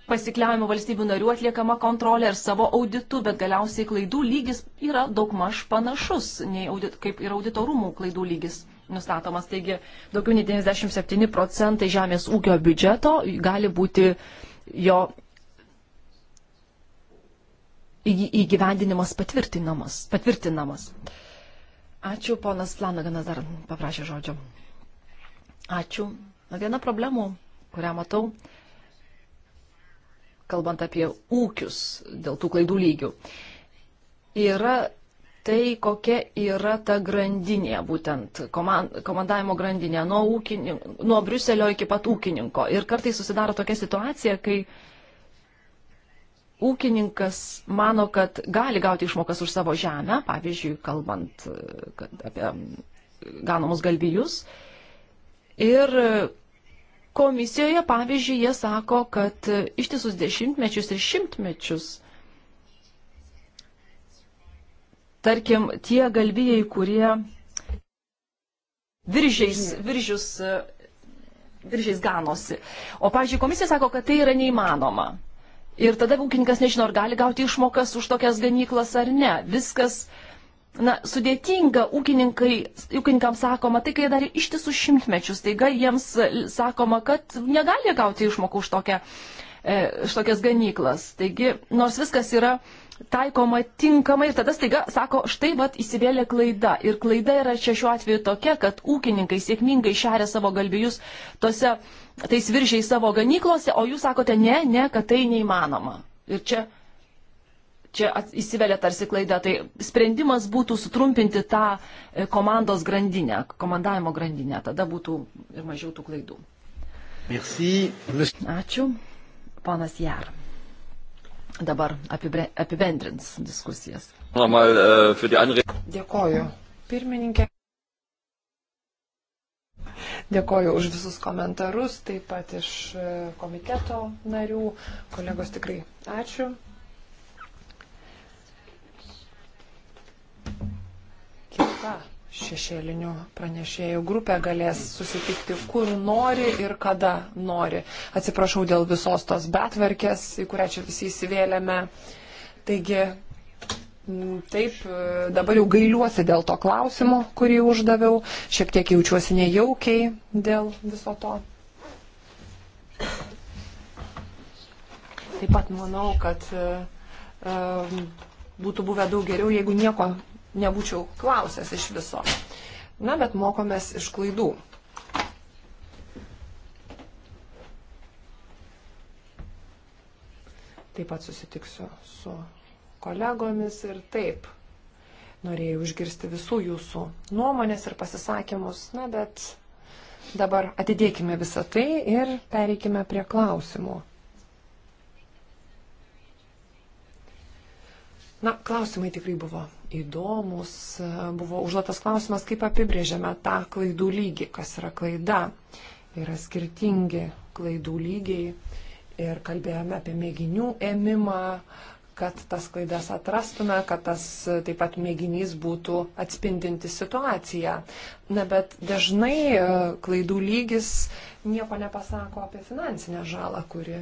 pasikliaujame valstybių narių atliekama kontrolė ir savo auditu, bet galiausiai klaidų lygis yra daugmaž panašus, audit, kaip ir auditorumų klaidų lygis nustatomas. Taigi daugiau nei 97 procentai žemės ūkio biudžeto gali būti jo įgyvendinimas patvirtinamas. patvirtinamas. Ačiū, ponas Lanaganas dar paprašė žodžio. Ačiū. Na, viena problemų, kurią matau, kalbant apie ūkius dėl tų klaidų lygių, yra tai, kokia yra ta grandinė, būtent komandavimo grandinė nuo, ūkini, nuo Briuselio iki pat ūkininko. Ir kartai susidaro tokia situacija, kai ūkininkas mano, kad gali gauti išmokas už savo žemę, pavyzdžiui, kalbant apie ganomus galvijus. Ir komisijoje, pavyzdžiui, jie sako, kad ištisus dešimtmečius ir šimtmečius, tarkim, tie galvijai, kurie viržiais, viržius, viržiais ganosi. O, pavyzdžiui, komisija sako, kad tai yra neįmanoma. Ir tada ūkininkas nežino, ar gali gauti išmokas už tokias ganyklas ar ne. Viskas, na, sudėtinga, ūkininkams sakoma, tai kai jie darė ištisus šimtmečius, taiga jiems e, sakoma, kad negali gauti išmokų už, tokią, e, už tokias ganyklas. Taigi, nors viskas yra taikoma tinkamai ir tada staiga sako, štai vat įsivėlė klaida. Ir klaida yra čia šiuo atveju tokia, kad ūkininkai sėkmingai šeria savo galvijus tose tais viržiai savo ganyklose, o jūs sakote, ne, ne, kad tai neįmanoma. Ir čia, čia įsivelia tarsi klaida. Tai sprendimas būtų sutrumpinti tą e, komandos grandinę, komandavimo grandinę. Tada būtų ir mažiau tų klaidų. Merci. Ačiū. Ponas Jar. Dabar apibre, apibendrins diskusijas. Äh, Dėkoju. Pirmininkė. Dėkoju už visus komentarus, taip pat iš e, komiteto narių. Kolegos tikrai ačiū. Kita šešėlinių pranešėjų grupė galės susitikti kur nori ir kada nori. Atsiprašau dėl visos tos betverkės, į kurią čia visi įsivėlėme. Taigi Mm, taip, e, dabar jau gailiuosi dėl to klausimo, kurį uždaviau. Šiek tiek jaučiuosi nejaukiai dėl viso to. Taip pat manau, kad um, būtų buvę daug geriau, jeigu nieko nebūčiau klausęs iš viso. Na, bet mokomės iš klaidų. Taip pat susitiksiu su kolegomis ir taip. Norėjau išgirsti visų jūsų nuomonės ir pasisakymus, na bet dabar atidėkime visą tai ir pereikime prie klausimų. Na, klausimai tikrai buvo įdomus. Buvo užduotas klausimas, kaip apibrėžiame tą klaidų lygį, kas yra klaida. Yra skirtingi klaidų lygiai ir kalbėjome apie mėginių ėmimą, kad tas klaidas atrastume, kad tas e, taip pat mėginys būtų atspindinti situaciją. Na, bet dažnai e, klaidų lygis nieko nepasako apie finansinę žalą, kuri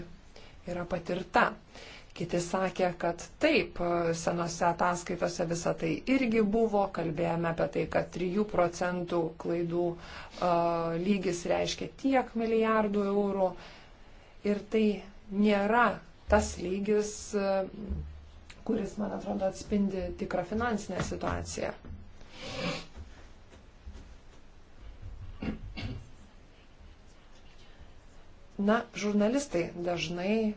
yra patirta. Kiti sakė, kad taip, e, senose ataskaitose visa tai irgi buvo, kalbėjome apie tai, kad 3 procentų klaidų uh, lygis reiškia tiek milijardų eurų. Ir tai nėra tas lygis, kuris, man atrodo, atspindi tikrą finansinę situaciją. Na, žurnalistai dažnai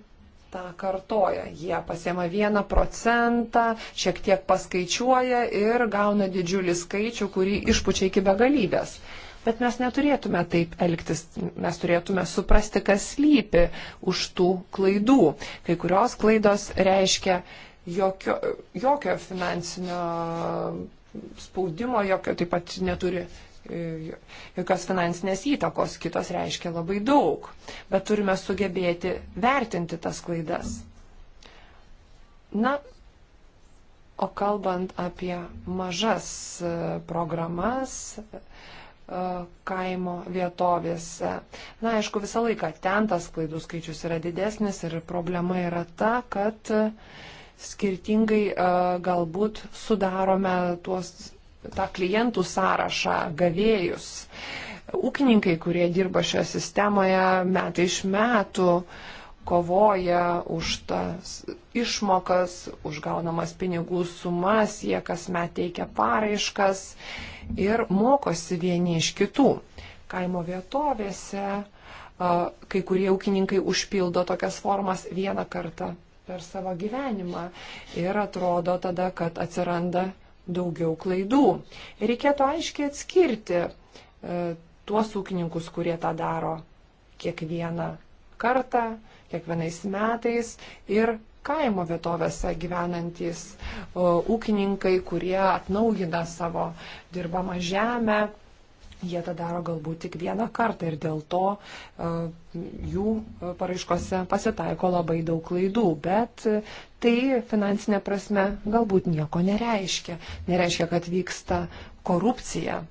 tą kartoja. Jie pasiema vieną procentą, šiek tiek paskaičiuoja ir gauna didžiulį skaičių, kurį išpučia iki begalybės. Uh, Bet mes neturėtume taip elgtis, mes turėtume suprasti, kas lypi už tų klaidų. Kai kurios klaidos reiškia jokio, jokio finansinio spaudimo, jokio taip pat neturi e, jokios finansinės įtakos, kitos reiškia labai daug. Bet turime sugebėti vertinti tas klaidas. Na, o kalbant apie mažas e, programas, E, kaimo vietovėse. Na, aišku, visą laiką ten tas klaidų skaičius yra didesnis ir problema yra ta, kad skirtingai e, galbūt sudarome tuos, tą klientų sąrašą, gavėjus. Ūkininkai, kurie dirba šioje sistemoje metai iš metų, uh, kovoja už tas išmokas, už gaunamas pinigų sumas, jie kasmet teikia paraiškas ir mokosi vieni iš kitų. Kaimo vietovėse kai kurie ūkininkai užpildo tokias formas vieną kartą per savo gyvenimą ir atrodo tada, kad atsiranda daugiau klaidų. Reikėtų aiškiai atskirti e, tuos ūkininkus, kurie tą daro kiekvieną kartą kiekvienais metais ir kaimo vietovėse gyvenantis ūkininkai, kurie atnaujina savo dirbamą žemę. Jie tą daro galbūt tik vieną kartą ir dėl to jų paraiškose pasitaiko labai daug klaidų, bet tai finansinė prasme galbūt nieko nereiškia. Nereiškia, kad vyksta korupcija.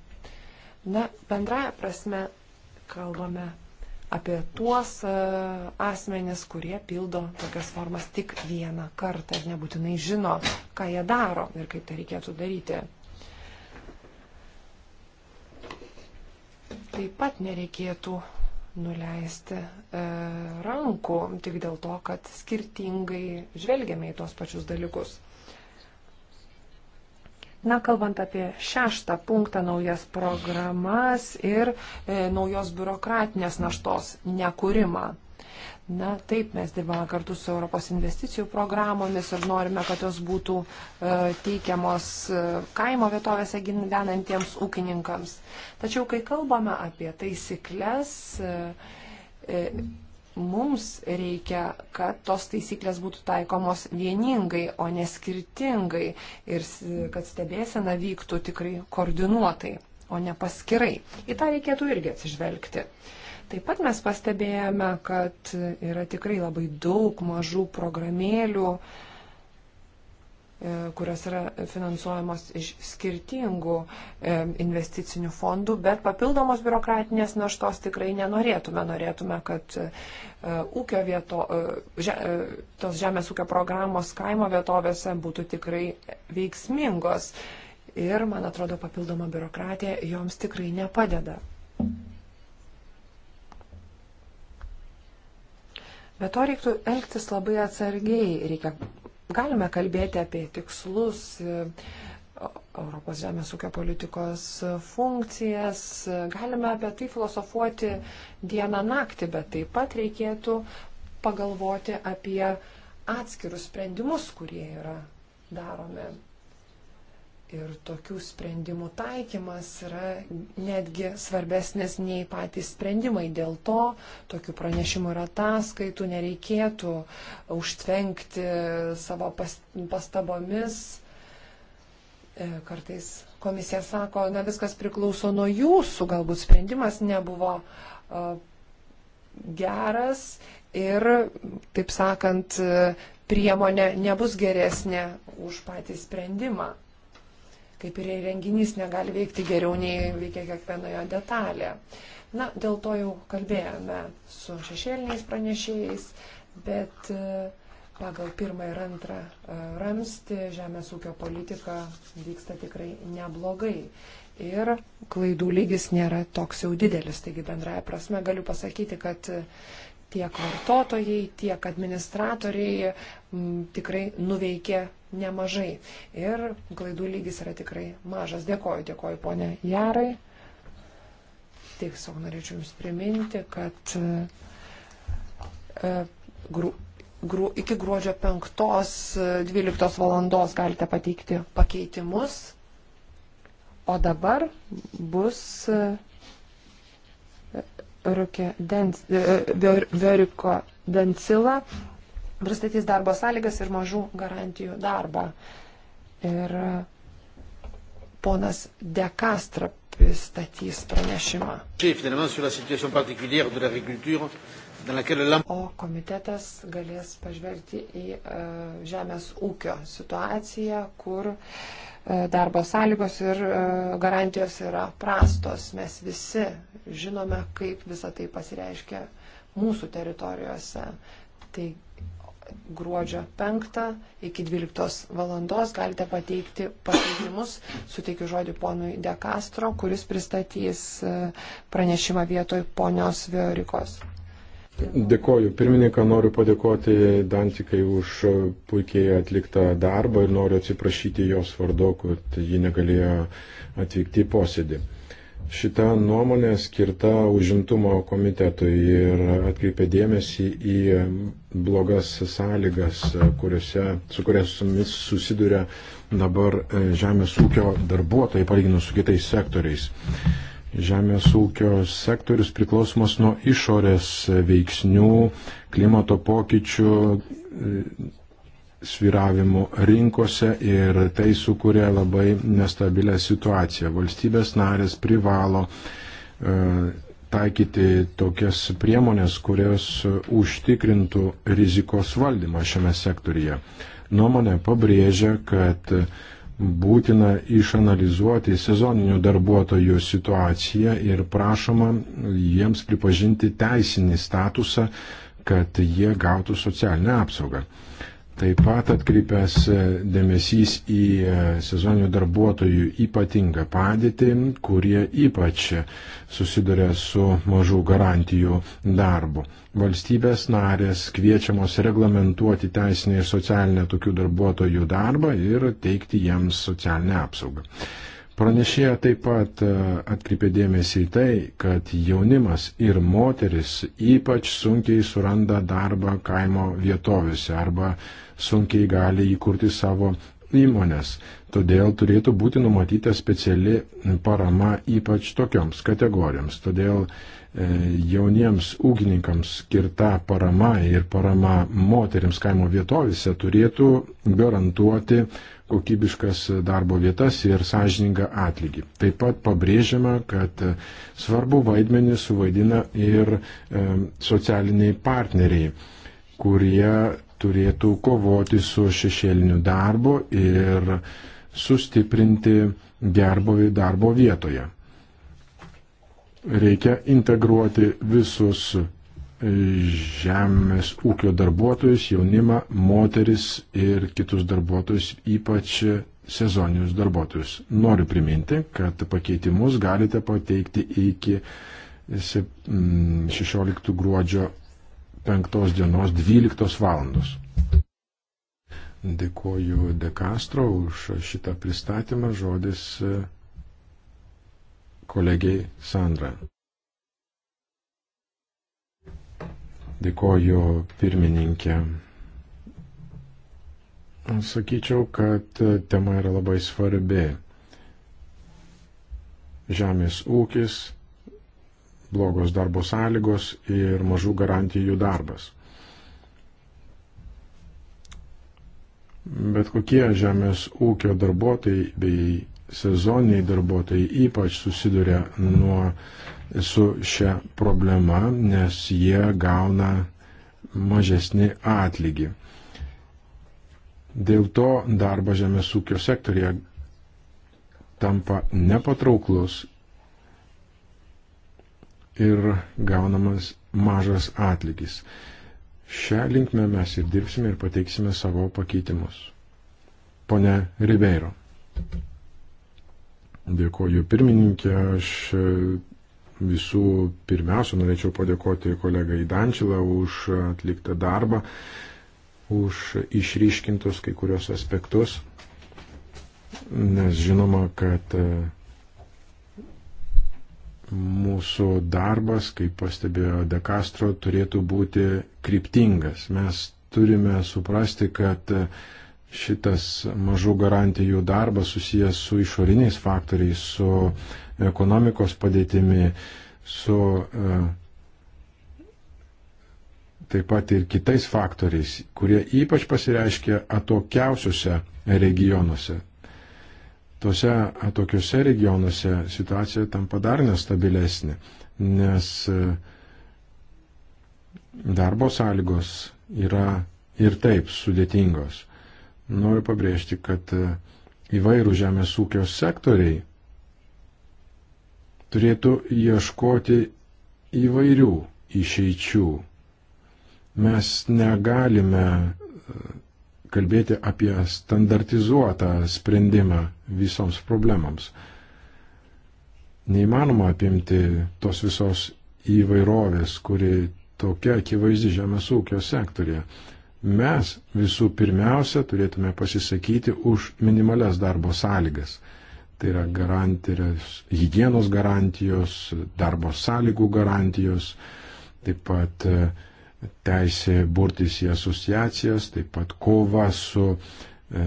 Na, bendraja prasme kalbame apie tuos e, asmenis, kurie pildo tokias formas tik vieną kartą ir nebūtinai žino, ką jie daro ir kaip tai reikėtų daryti. Taip pat nereikėtų nuleisti e, rankų tik dėl to, kad skirtingai žvelgiame į tuos pačius dalykus. Na, kalbant apie šeštą punktą naujas programas ir e, naujos biurokratinės naštos nekūrimą. Na, taip, mes dirbame kartu su Europos investicijų programomis ir norime, kad jos būtų e, teikiamos e, kaimo vietovėse gyvenantiems ūkininkams. Tačiau, kai kalbame apie taisyklės, e, e, Mums reikia, kad tos taisyklės būtų taikomos vieningai, o ne skirtingai ir kad stebėsena vyktų tikrai koordinuotai, o ne paskirai. Į tą reikėtų irgi atsižvelgti. Taip pat mes pastebėjome, kad yra tikrai labai daug mažų programėlių, uh, E, kurios yra finansuojamos iš skirtingų e, investicinių fondų, bet papildomos biurokratinės naštos tikrai nenorėtume. Norėtume, kad e, ūkio vieto, tos žemės ūkio programos kaimo vietovėse būtų tikrai veiksmingos. Ir, man atrodo, papildoma biurokratija joms tikrai nepadeda. Bet to reiktų elgtis labai atsargiai, reikia Galime kalbėti apie tikslus, Europos žemės ūkio politikos funkcijas, galime apie tai filosofuoti dieną naktį, bet taip pat reikėtų pagalvoti apie atskirus sprendimus, kurie yra daromi. Ir tokių sprendimų taikymas yra netgi svarbesnis nei patys sprendimai. Dėl to tokių pranešimų ir ataskaitų nereikėtų užtvenkti savo pastabomis. E, kartais komisija sako, na viskas priklauso nuo jūsų, galbūt sprendimas nebuvo e, geras ir, taip sakant, e, priemonė nebus geresnė už patį sprendimą kaip ir renginys negali veikti geriau nei veikia kiekvienoje detalė. Na, dėl to jau kalbėjome su šešėliniais pranešėjais, bet e, pagal pirmą ir antrą e, ramstį žemės ūkio politika vyksta tikrai neblogai. Ir klaidų lygis nėra toks jau didelis, taigi bendraja prasme galiu pasakyti, kad tiek vartotojai, tiek administratoriai m, tikrai nuveikė nemažai. Ir klaidų lygis yra tikrai mažas. Dėkoju, dėkoju ponė Jarai. Tiesiog norėčiau Jums priminti, kad e, gru, gru, iki gruodžio 5-12 e, valandos galite pateikti pakeitimus. O dabar bus. E, E, e, Veriko Dancila pristatys darbo sąlygas ir mažų garantijų darbą. Ir e, ponas Dekastra pristatys pranešimą. O komitetas galės pažvelgti į žemės ūkio situaciją, kur darbo sąlygos ir garantijos yra prastos. Mes visi žinome, kaip visa tai pasireiškia mūsų teritorijose. Tai gruodžio 5 iki 12 valandos galite pateikti pakeitimus. Suteikiu žodį ponui De Castro, kuris pristatys e, pranešimą vietoj ponios Viorikos. Dėkoju. Pirmininką noriu padėkoti Dantikai už puikiai atliktą darbą ir noriu atsiprašyti jos vardu, kad ji negalėjo atvykti į posėdį. Šita nuomonė skirta užimtumo komitetui ir atkreipia dėmesį į blogas sąlygas, kuriuose, su kuriamis susiduria dabar e, žemės ūkio darbuotojai palyginus su kitais sektoriais. Žemės ūkio sektorius priklausomas nuo išorės veiksnių, klimato pokyčių, e, sviravimų rinkose ir tai sukuria labai nestabilę situaciją. Valstybės narės privalo e, taikyti tokias priemonės, kurios užtikrintų rizikos valdymą šiame sektorija. Nuomonė pabrėžia, kad būtina išanalizuoti sezoninių darbuotojų situaciją ir prašoma jiems pripažinti teisinį statusą, kad jie gautų socialinę apsaugą. E, Taip pat atkreipęs e, dėmesys į e, sezoninių darbuotojų ypatingą padėtį, kurie ypač susiduria su mažų garantijų darbu. Valstybės narės kviečiamos reglamentuoti teisinę ir socialinę tokių darbuotojų darbą ir teikti jiems socialinę apsaugą. Pranešėja taip pat e, atkreipė dėmesį į tai, kad jaunimas ir moteris ypač sunkiai suranda darbą kaimo vietovėse arba sunkiai gali įkurti savo įmonės. Todėl turėtų būti numatyta speciali parama ypač tokioms kategorijoms. Todėl e, jauniems ūkininkams skirta parama ir parama moteriams kaimo vietovėse turėtų garantuoti kokybiškas darbo vietas ir sąžiningą atlygį. Taip pat pabrėžiama, kad svarbu vaidmenį suvaidina ir e, socialiniai partneriai, kurie turėtų kovoti su šešėliniu darbu ir sustiprinti gerbovį darbo vietoje. Reikia integruoti visus žemės ūkio darbuotojus, jaunimą, moteris ir kitus darbuotojus, ypač sezoninius darbuotojus. Noriu priminti, kad pakeitimus galite pateikti iki 16 gruodžio 5 dienos 12 valandos. Dėkoju De Castro už šitą pristatymą. Žodis e, kolegiai Sandra. Dėkoju pirmininkė. Sakyčiau, kad tema yra labai svarbi. Žemės ūkis, blogos darbo sąlygos ir mažų garantijų darbas. Bet kokie žemės ūkio darbuotojai bei sezoniniai darbuotojai ypač susiduria nuo su šia problema, nes jie gauna mažesnį atlygį. Dėl to darbas žemės ūkio sektorija tampa nepatrauklus ir gaunamas mažas atlygis. Šią linkmę mes ir dirbsime ir pateiksime savo pakeitimus. Pone Ribeiro. Dėkoju pirmininkė, aš Visų pirmiausia, norėčiau padėkoti kolegai Dančilą už atliktą darbą, už išryškintus kai kurios aspektus, nes žinoma, kad e, mūsų darbas, kaip pastebėjo De Castro, turėtų būti kryptingas. Mes turime suprasti, kad e, šitas mažų garantijų darbas susijęs su išoriniais faktoriais, su ekonomikos padėtimi, su e, taip pat ir kitais faktoriais, kurie ypač pasireiškia atokiausiuose regionuose. Tuose atokiuose regionuose situacija tampa dar nestabilesnė, nes e, darbo sąlygos yra ir taip sudėtingos. Noriu pabrėžti, kad e, įvairių žemės ūkio sektoriai turėtų ieškoti įvairių išeičių. Mes negalime e, kalbėti apie standartizuotą sprendimą visoms problemams. Neįmanoma apimti tos visos įvairovės, kuri tokia akivaizdi žemės ūkio sektorė. Mes visų pirmiausia turėtume pasisakyti už minimales darbo sąlygas. Tai yra garantijos, hygienos garantijos, darbo sąlygų garantijos, taip pat e, teisė burtis į asociacijas, taip pat kova su e,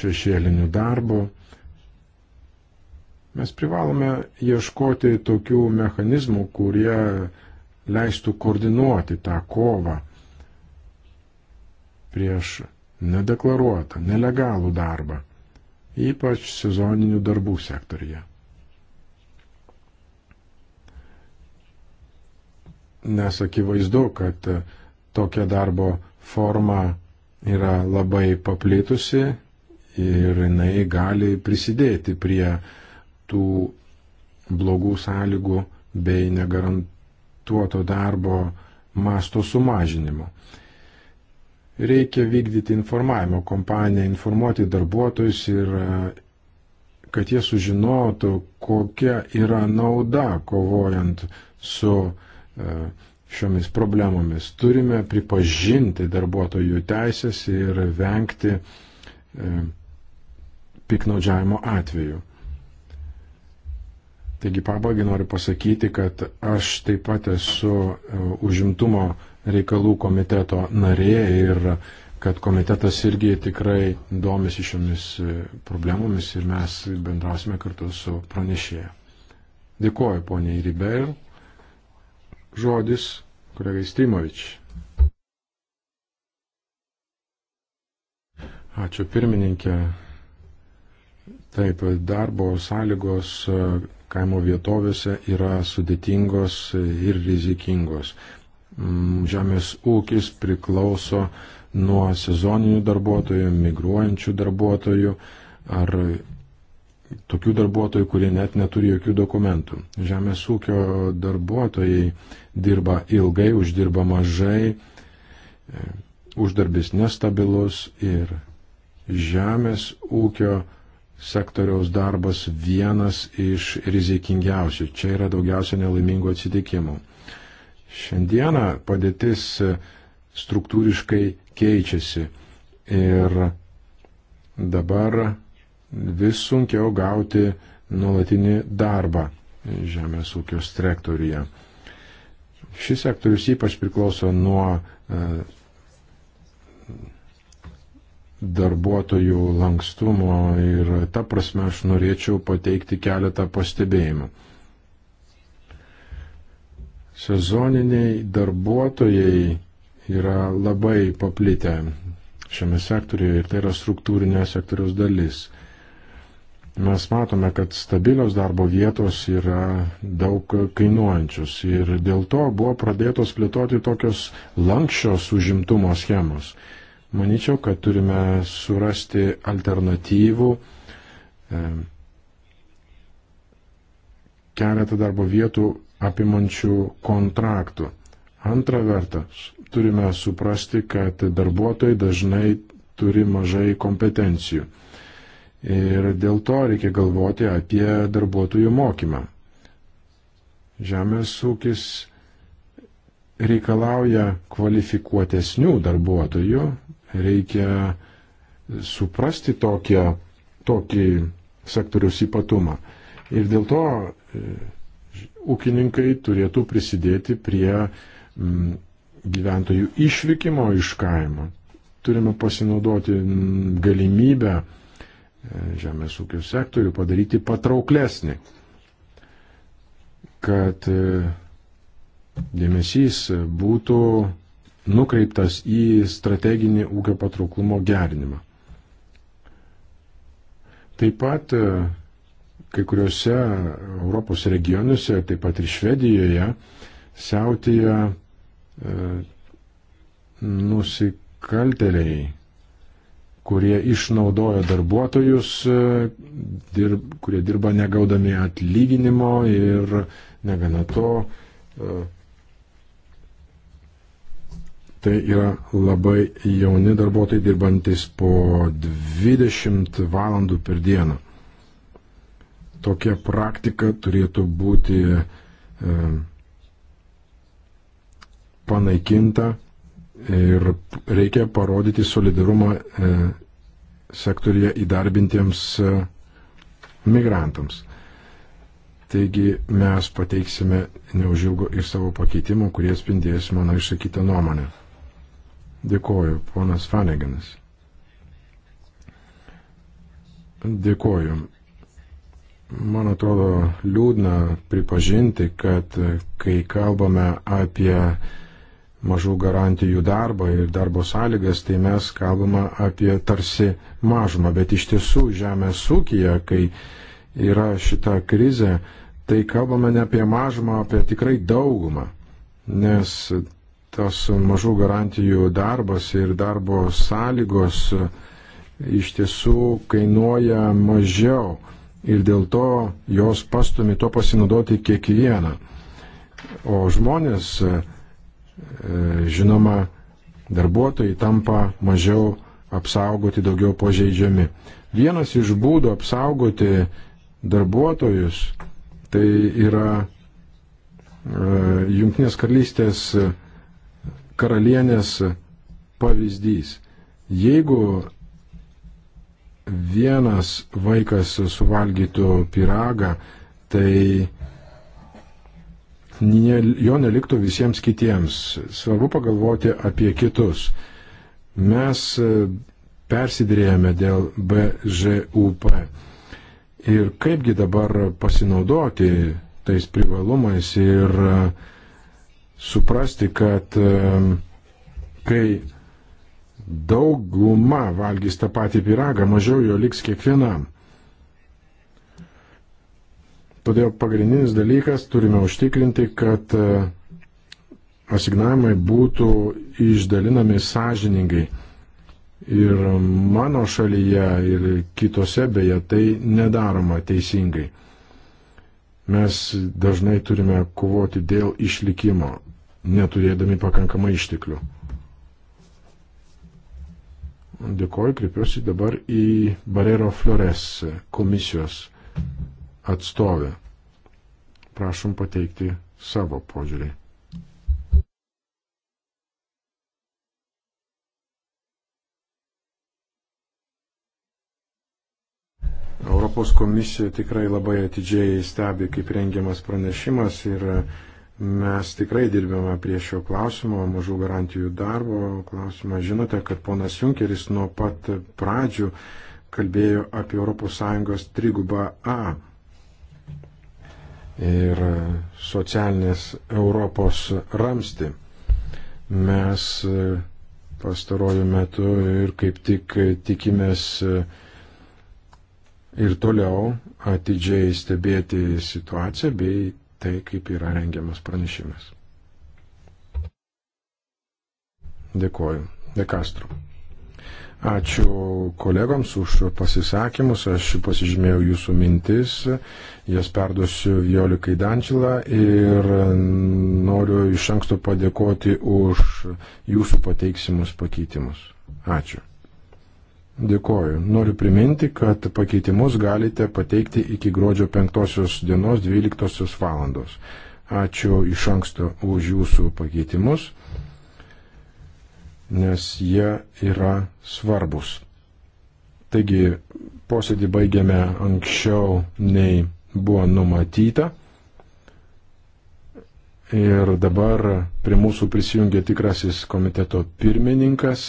šešėliniu darbu. Mes privalome ieškoti tokių mechanizmų, kurie leistų koordinuoti tą kovą prieš nedeklaruotą, nelegalų darbą, ypač sezoninių darbų sektorija. Nes akivaizdu, kad tokia darbo forma yra labai paplitusi ir jinai gali prisidėti prie tų blogų sąlygų bei negarantuoto darbo masto sumažinimo. Reikia vykdyti informavimo kampaniją, informuoti darbuotojus ir e, kad jie sužinotų, kokia yra nauda kovojant su e, šiomis problemomis. Turime pripažinti darbuotojų teisės ir vengti e, piknaudžiavimo atveju. Taigi pabaigai noriu pasakyti, kad aš taip pat esu užimtumo reikalų komiteto narė ir kad komitetas irgi tikrai domisi šiomis e, problemomis ir mes bendrausime kartu su pranešėja. Dėkuoju poniai Ribeir. Žodis kolegai Strimovič. Ačiū pirmininkė. Taip, darbo sąlygos e, kaimo vietovėse yra sudėtingos ir rizikingos. Mm, žemės ūkis priklauso nuo sezoninių darbuotojų, migruojančių darbuotojų ar tokių darbuotojų, kurie net neturi jokių dokumentų. Žemės ūkio darbuotojai dirba ilgai, uždirba mažai, e, uždarbis nestabilus ir žemės ūkio sektoriaus darbas vienas iš rizikingiausių. Čia yra daugiausia nelaimingų atsitikimų. Šiandieną padėtis struktūriškai keičiasi ir dabar vis sunkiau gauti nuolatinį darbą žemės ūkio sektoriuje. Šis sektorius ypač priklauso nuo e, darbuotojų lankstumo ir ta prasme aš norėčiau pateikti keletą pastebėjimų. Sezoniniai darbuotojai yra labai paplitę šiame sektoriuje ir tai yra struktūrinė sektoriaus dalis. Mes matome, kad stabilios darbo vietos yra daug kainuojančios ir dėl to buvo pradėtos plėtoti tokios lankščios užimtumo schemos. Maničiau, kad turime surasti alternatyvų keletą darbo vietų apimančių kontraktų. Antra vertas, turime suprasti, kad darbuotojai dažnai turi mažai kompetencijų. Ir dėl to reikia galvoti apie darbuotojų mokymą. Žemės ūkis reikalauja kvalifikuotesnių darbuotojų, reikia suprasti tokią, tokį sektoriaus ypatumą. Ir dėl to ūkininkai turėtų prisidėti prie mm, gyventojų išvykimo iš kaimo. Turime pasinaudoti mm, galimybę e, žemės ūkio sektorių padaryti patrauklesnį, kad e, dėmesys būtų nukreiptas į strateginį ūkio patrauklumo gerinimą. Taip pat e, kai kuriuose Europos regionuose, taip pat ir Švedijoje, siautėja e, nusikalteliai, kurie išnaudoja darbuotojus, e, dirb, kurie dirba negaudami atlyginimo ir negana to. E, tai yra labai jauni darbuotojai dirbantis po 20 valandų per dieną tokia praktika turėtų būti e, panaikinta ir reikia parodyti solidarumą e, sektorija įdarbintiems e, migrantams. Taigi mes pateiksime neužilgo ir savo pakeitimų, kurie spindės mano išsakytą nuomonę. Dėkoju, ponas Faneganas. Dėkoju. Man atrodo liūdna pripažinti, kad kai kalbame apie mažų garantijų darbą ir darbo sąlygas, tai mes kalbame apie tarsi mažumą, bet iš tiesų žemės ūkija, kai yra šita krizė, tai kalbame ne apie mažumą, apie tikrai daugumą, nes tas mažų garantijų darbas ir darbo sąlygos iš tiesų kainuoja mažiau ir dėl to jos pastumi to pasinaudoti kiekvieną. O žmonės, e, žinoma, darbuotojai tampa mažiau apsaugoti, daugiau pažeidžiami. Vienas iš būdų apsaugoti darbuotojus tai yra e, Junktinės karalystės karalienės pavyzdys. Jeigu vienas vaikas suvalgytų piragą, tai ne, jo neliktų visiems kitiems. Svarbu pagalvoti apie kitus. Mes e, persidrėjome dėl BŽUP. Ir kaipgi dabar pasinaudoti tais privalumais ir e, suprasti, kad e, kai dauguma valgys tą patį pyragą, mažiau jo liks kiekvienam. Todėl pagrindinis dalykas turime užtikrinti, kad e, asignavimai būtų išdalinami sąžiningai. Ir mano šalyje, ir kitose beje, tai nedaroma teisingai. Mes dažnai turime kovoti dėl išlikimo, neturėdami pakankamai išteklių. Dėkoju, kreipiuosi dabar į Barero Flores komisijos atstovę. Prašom pateikti savo požiūrį. Europos komisija tikrai labai atidžiai stebi, kaip rengiamas pranešimas ir Mes tikrai dirbėme prie šio klausimo, mažų garantijų darbo klausimą. Žinote, kad ponas Junkeris nuo pat pradžių kalbėjo apie ES trigubą A ir socialinės Europos ramsti. Mes pastarojų metų ir kaip tik tikimės ir toliau atidžiai stebėti situaciją bei tai, kaip yra rengiamas pranešimas. Dėkoju. Dekastro. Ačiū kolegoms už pasisakymus, aš pasižymėjau jūsų mintis, jas perduosiu Violikai Dančilą ir noriu iš anksto padėkoti už jūsų pateiksimus pakeitimus. Ačiū. Dėkoju. Noriu priminti, kad pakeitimus galite pateikti iki gruodžio 5 dienos 12 valandos. Ačiū iš anksto už jūsų pakeitimus, nes jie yra svarbus. Taigi posėdį baigėme anksčiau nei buvo numatyta. Ir dabar prie mūsų prisijungė tikrasis komiteto pirmininkas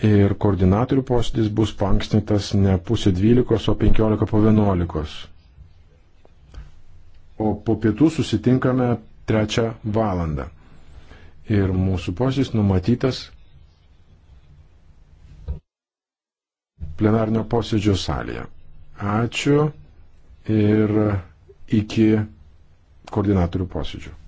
ir koordinatorių posėdis bus pankstintas ne pusė dvylikos, o penkiolika po vienuolikos. O po pietų susitinkame trečią valandą. Ir mūsų posėdis numatytas plenarnio posėdžio salėje. Ačiū ir iki koordinatorių posėdžių.